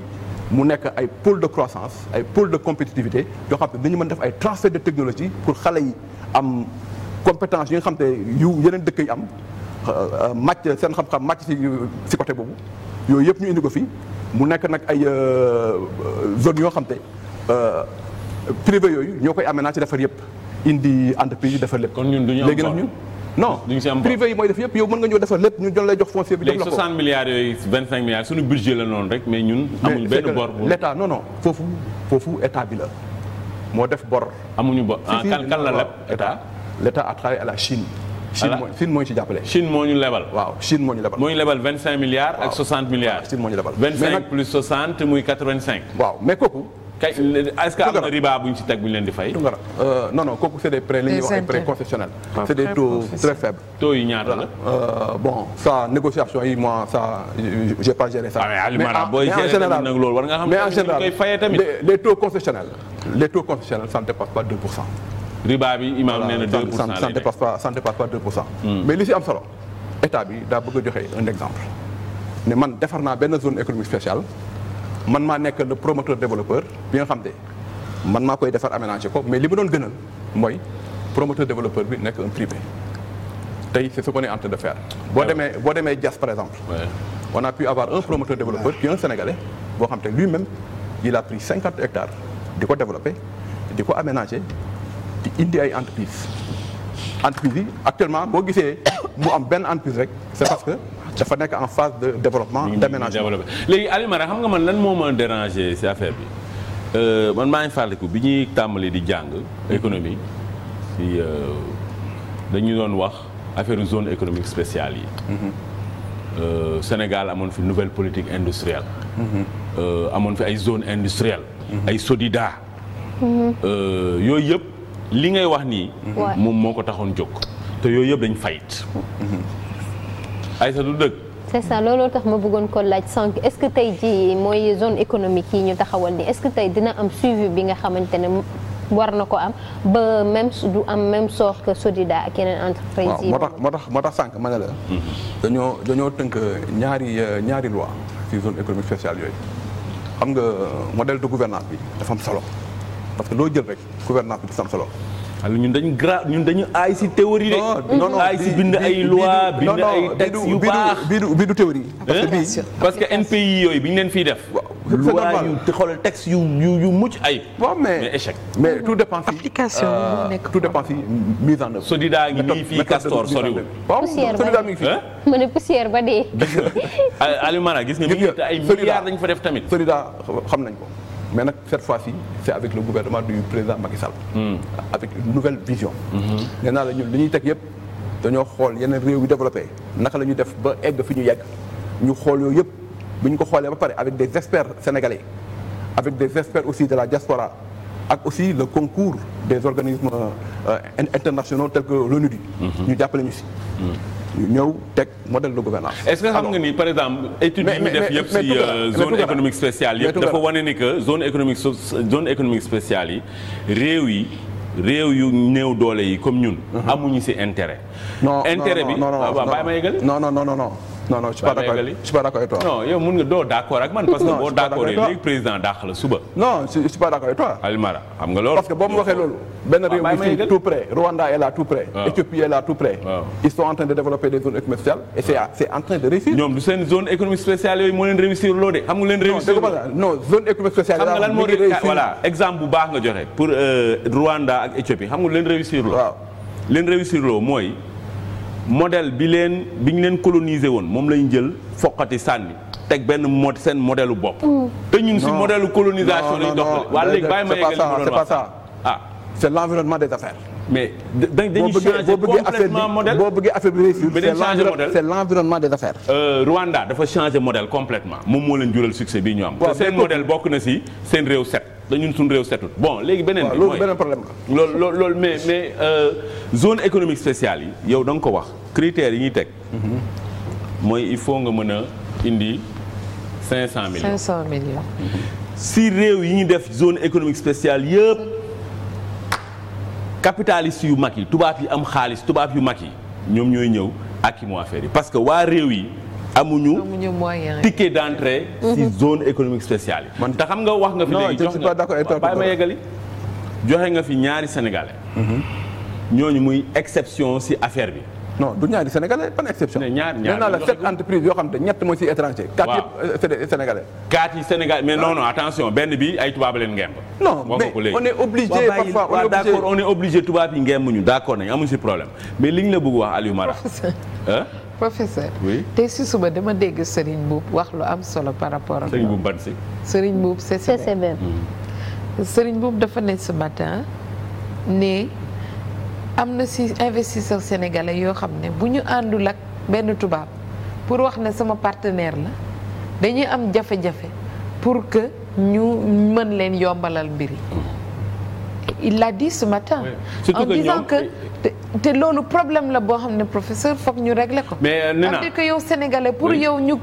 mu nekk ay pôle de croissance ay pôle de compétitivité yoo xam ne dañu mën def ay transfert de technologie pour xale yi am compétence yi nga xam te yu yeneen dëkk yi am euh, màcc seen xam-xam màcc si si boobu yooyu yëpp ñu indi ko fi mu nekk nag ay euh, zone yoo xam te euh, privé yooyu ñoo koy aménagé defar yëpp indi entreprise yi defar lépp. kon ñun du ñu am léegi nag ñun. non privé yi mooy def yëpp yow mën nga ñëw defar lépp ñu doon lay jox foncier bi. jox la ko léegi 60 milliards yooyu 25 budget la noonu rek mais ñun. amuñ benn bor bu l' état foofu foofu état bi la moo def bor. amuñu bor ah kan kan la leb l'État à travers la Chine. moo ci jàppale. Chine moo ñu lebal. waaw Chine moo ñu lebal. moo ñu lebal 25 ak 60 moo ñu lebal. 25 plus muy 85. mais kooku. leen di fay. Tounkara euh, non non kooku c'est des prêts li ñuy ah. c'est des taux très faibles. taux yi ñaata la. Euh, bon ça négociation yi moi ça j'ai pas géré ça. Ah, mais en général mais en général mais en ne dépasse pas 2 pour cent. riba bi imaam nee na pour cent ça ne dépasse pas ça ne dépasse pas 2 pour hmm. mais li si am solo état bi daa bëgg joxe un exemple. ne man defar naa benn zone économique spéciale man maa nekk le promoteur développeur bi nga man maa koy defar aménager ko mais li ma doon gënal mooy promoteur développeur bi nekk un privé. tey c'est ce qu'on est en train de faire. boo demee boo demee Diass par exemple. on a pu avoir un promoteur développeur qui est boo xam te lui-même il a pris 50 hectares di ko développer di ko aménager. di indi ay entreprise entreprise yi actuellement boo gisee mu am benn entreprise rek c'est parce que dafa nekk en phase de développement d'aménagement léegi Aliou xam nga man lan moo ma dérangé ci affaire bi euh, man maa ngi ko bi ñuy tàmbali di jàng économie ci euh, dañu doon wax affaire zone économique spéciale yi mm-hmm. Euh, Sénégal amoon fi nouvelle politique industrielle mm-hmm. euh, amoon fi ay zone industrielle mm-hmm. ay SODIDA yooyu yëpp li ngay wax nii. moom moo ko taxoon jóg te yooyu yëpp dañ fayit ay sa du dëgg. c'est ça looloo tax ma bëggoon ko laaj sànq est-ce que tey jii mooy zone économique yi ñu taxawal ni est-ce que tey dina am suivi bi nga xamante ne war na ko am ba même du am même sort que Sodida ak yeneen entreprise yi. moo tax moo moo sànq ma ne la. Mhm. dañoo dañoo tënk ñaari ñaari loi ci zone économique spéciale yooyu xam nga modèle de gouvernance bi dafa solo. parce que loo jël rek gouvernance bi ci sam solo. alors ah, ñun dañu gra ñun dañu aay si théorie de. non aay si bind ay loi bind ay texte yu baax bi du bi du théorie. Eh? parce que NPI yooyu bi ñu leen fii def. loi yu xoolal texte yu yu yu mucc ay waaw mais échec. mais tout dépend si application euh, tout dépend si mise en œuvre. Sodida ngi nii fii Castor soriwul. Sodida mi ngi fii. mu ne poussière ba dee. Aliou gis nga. ay milliards dañ fa def tamit. Sodida xam nañ ko. mais nag cette fois si c'est avec le gouvernement du président Macky Sall. Hmm. avec une nouvelle vision. Hmm. nee naa la ñuy teg yëpp dañoo xool yenn réew yu développé naka la ñuy def ba egg fi ñu yegg ñu xool yooyu yëpp bu ñu ko xoolee ba pare avec des experts sénégalais avec des experts aussi de la diaspora ak aussi le concours des organismes euh, internationaux tels que l'ONU. Hmm. ñu jàppale ñu si. ñëw teg modèle de gouvernance est-ce que xam nga ni par exemple étude yi ñu def yëpp si euh, zone économique spéciale yëpp dafa wane ni que zone économique zone économique spéciale yi réew yi réew yu néew doole yi comme ñun mhm. amuñu si intérêt intérêt bi bàyyi ma yegale non non non non non non je suis pas d'accord nga doo d'accord ak man. parce que boo d'accord léegi président dàq la suba. non je suis pas d'accord avec toi. Alimara xam nga loo parce que boo mu waxee tout près Rwanda est là tout près. Éthiopie est là tout près. ils sont en train de développer des zones économiques spéciales. et c'est en train de réussir. seen zone économique spéciale yooyu moo leen loo de xam nga leen. moo voilà exemple bu baax nga joxe. pour euh, Rwanda ak Éthiopie xam nga leen réussir loo. waaw leen réussir loo mooy modèle bi leen bi ñu leen colonisé woon moom lañu jël foqati sànni teg benn mode seen modèle bopp. Mm. te ñun si modèle colonisation lañu doxal. waa léegi bàyyi ma yeggali ma doon wax c'est pas ça ah. c'est l'environnement des affaires. mais dañuy changer complètement modèle boo bëggee affaire bi réussir euh, ñu am. te seen modèle bokk na si seen réew set. dañu suñu réew setut bon léegi beneen bi mooy beneen problème la loolu lool mais mais euh, zone économique spéciale yi yow da nga ko wax critère yi ñuy teg mm-hmm. mooy il faut nga mën a indi cinq cent millions cinq cent millions mm-hmm. si réew yi ñuy def zone économique spéciale yëpp capitalistes yu mag yi tubaab yi am xaalis tubaab yu mag yi ñoom ñooy ñëw ak i mu affaire yi parce que waa réew yi amuñu ticket d'entrée ci mhm. zone économique spéciale yi. te xam nga wax nga fi léegi jox nga bàyyi ma yeggali joxe nga fi ñaari sénégalais. Mhm. ñooñu muy exception ci affaire bi. non du ñaari sénégalais ban exception. ne ñaar ñaar naa la sept entreprises yoo xam ne ñett mooy ci étranger. waaw euh, quatre yëpp mais non ah. non attention benn bi ay tubaab leen ngemb. non mais on est obligé parfois on on est obligé tubaab yi ngemb ñu d'accord nañu amuñu ci problème mais liñ la bëgg wax Aliou professeur oui tey si suba dama dégg Serigne Mbuub wax lu am solo par rapport ak. Serigne Mbuub ban si. Serigne Mbuub CCBM mm. dafa ne ce matin ne am na si investisseurs sénégalais yoo xam ne bu ñu àndul ak benn tubaab pour wax ne sama partenaire la dañuy am jafe-jafe pour que ñu mën leen yombalal mbir il l'a dit ce matin. Oui. te loolu problème la boo xam ne professeur foog ñu régler ko. mais euh, Nina que yow sénégalais pour yow ñu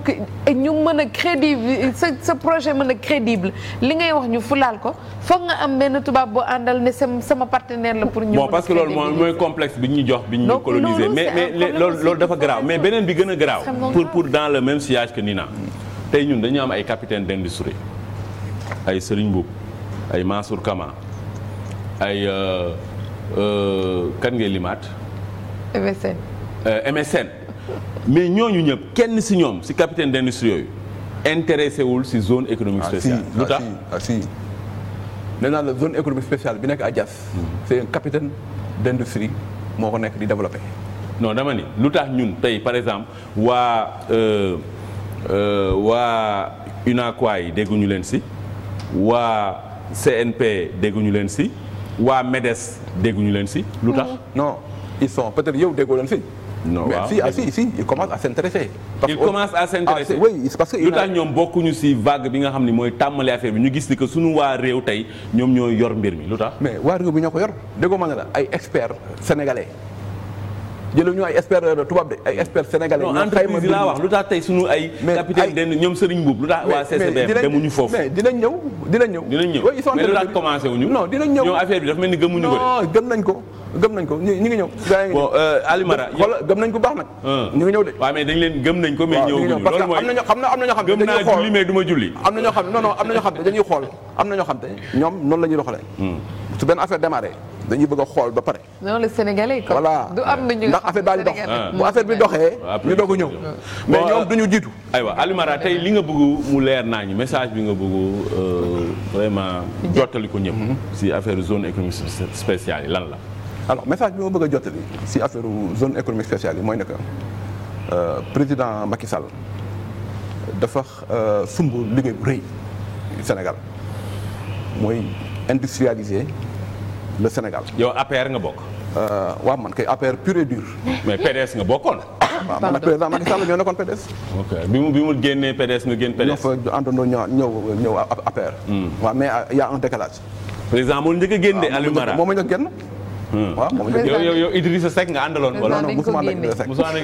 ñu mën a crédible sa sa projet mën a crédible li ngay wax ñu fulaal ko foog nga am benn tubaab boo àndal ne sama partenaire la pour. ñu bon parce que loolu mooy mooy complexe bi ñu jox bi ñu coloniser mais mais loolu loolu dafa grave mais beneen bi gën a grave. pour pour dans le même sillage que Nina. tey ñun dañu am ay capitaine d'industrie ay Serigne Mboup ay Mansour ay euh, euh, kan ngay limaat. MSN. Euh, mais ñooñu ñëpp kenn si ñoom si capitaine d' industrie yooyu intéressé wul si zone économique ah, spéciale. lu ah, tax ah si la zone économique spéciale bi nekk à Diass. Hmm. c' est un capitaine d' moo ko nekk di développé. non dama ni lu tax ñun tey par exemple waa waa yi dégguñu leen si waa CNP dégguñu leen si. waa MEDES dégguñu leen si. lu tax mm-hmm. non il sont peut yow déggoo leen si. non waaw si ah, si si il commence à s'intéresser. parce que il commence à s'intéresser ah, que. lu tax ñoom bokkuñu si vague bi nga xam ne mooy tàmmali affaire bi ñu gis ni que suñu waa réew tey ñoom ñoo yor mbir mi lu tax. mais waa réew bi ñoo ko yor déggoo ma ne la ay experts sénégalais. jëluñu ay experts euh, tubaab de ay experts sénégalais. non entreprise laa wax lu tax tey sunu ay. capitaine den ñoom Serigne Mboub lu tax waa CCBM demuñu foofu. ñëw dinañ ñëw. dinañ ñëw mais ñëw ñoom nañ ko gëm nañ ko ñu ngi ñëw. gaa yi ngi ñëw euh, ko baax ngi ñëw de. waaw mais dañ leen gëm nañ ko mais ñëw loolu mooy am na ñoo xam ne am na ñoo xam ne gëm naa julli mais du julli. am na ñoo xam ne noonu la ñuy su benn affaire démarré dañuy bëgg xool ba pare. non les sénégalais. voilà ndax affaire baa ngi dox ah. bu affaire bi doxee. Ah, ñu doog a ñëw. mais ñoom du ñu jiitu. aywa Alimara tey li nga bëgg mu leer naa ñu message bi nga bëgg euh, vraiment jottali ko ñëpp. Mhm. si affaire zone économique spéciale yi lan la. alors message bi ma bëgg a jottali si affaire zone économique spéciale yi mooy ne que euh, président Macky Sall dafa euh, sumb liggéey bu rëy Sénégal mooy industrialiser. le Sénégal. yow APR nga bokk. Euh, waaw man kay APR pur et dur. mais PDS nga bokkoon. waaw man ak président Macky Sall ñoo nekkoon PDS. ok bi mu génnee PDS nga génn PDS. ñoo fa àndandoo ñëw ñëw ñëw APR. Hmm. waaw mais y' a un décalage. président moo njëkk a génn de Aliou moo ma njëkk génn. waaw moom yow yow yow Idrissa Seck nga àndaloon wala non musuma ànd ak Idrissa Seck musuma ànd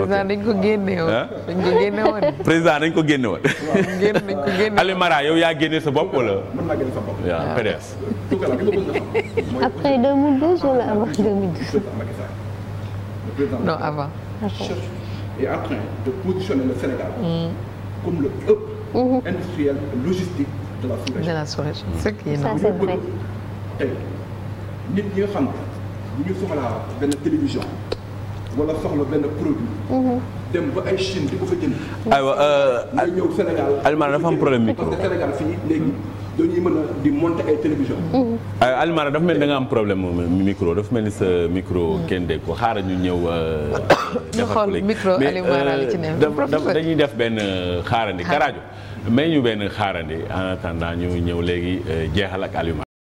ak dañ ko génne woon dañ ko génne woon président dañ ko génne woon dañ Mara yow yaa génne sa bopp wala mën naa génne sa bopp waaw PDS après de positionner le Sénégal mm. comme mm-hmm. de la sous-région de la sous-région c'est nit ñi nga xam ñu soxlaa benn télévision wala soxla benn produit. Mhm. dem ba ay Chine di ko fa jënd. ay euh, ñëw Sénégal. dafa am problème micro parce mhm. euh, dafa mel ni micro sa micro mhm. kenn dégg ko xaaral ñu ñëw. Euh, ñu xool dañuy def benn xaarandi garaajo may ñu benn xaarandi en attendant ñu ñëw léegi jeexal ak Almara.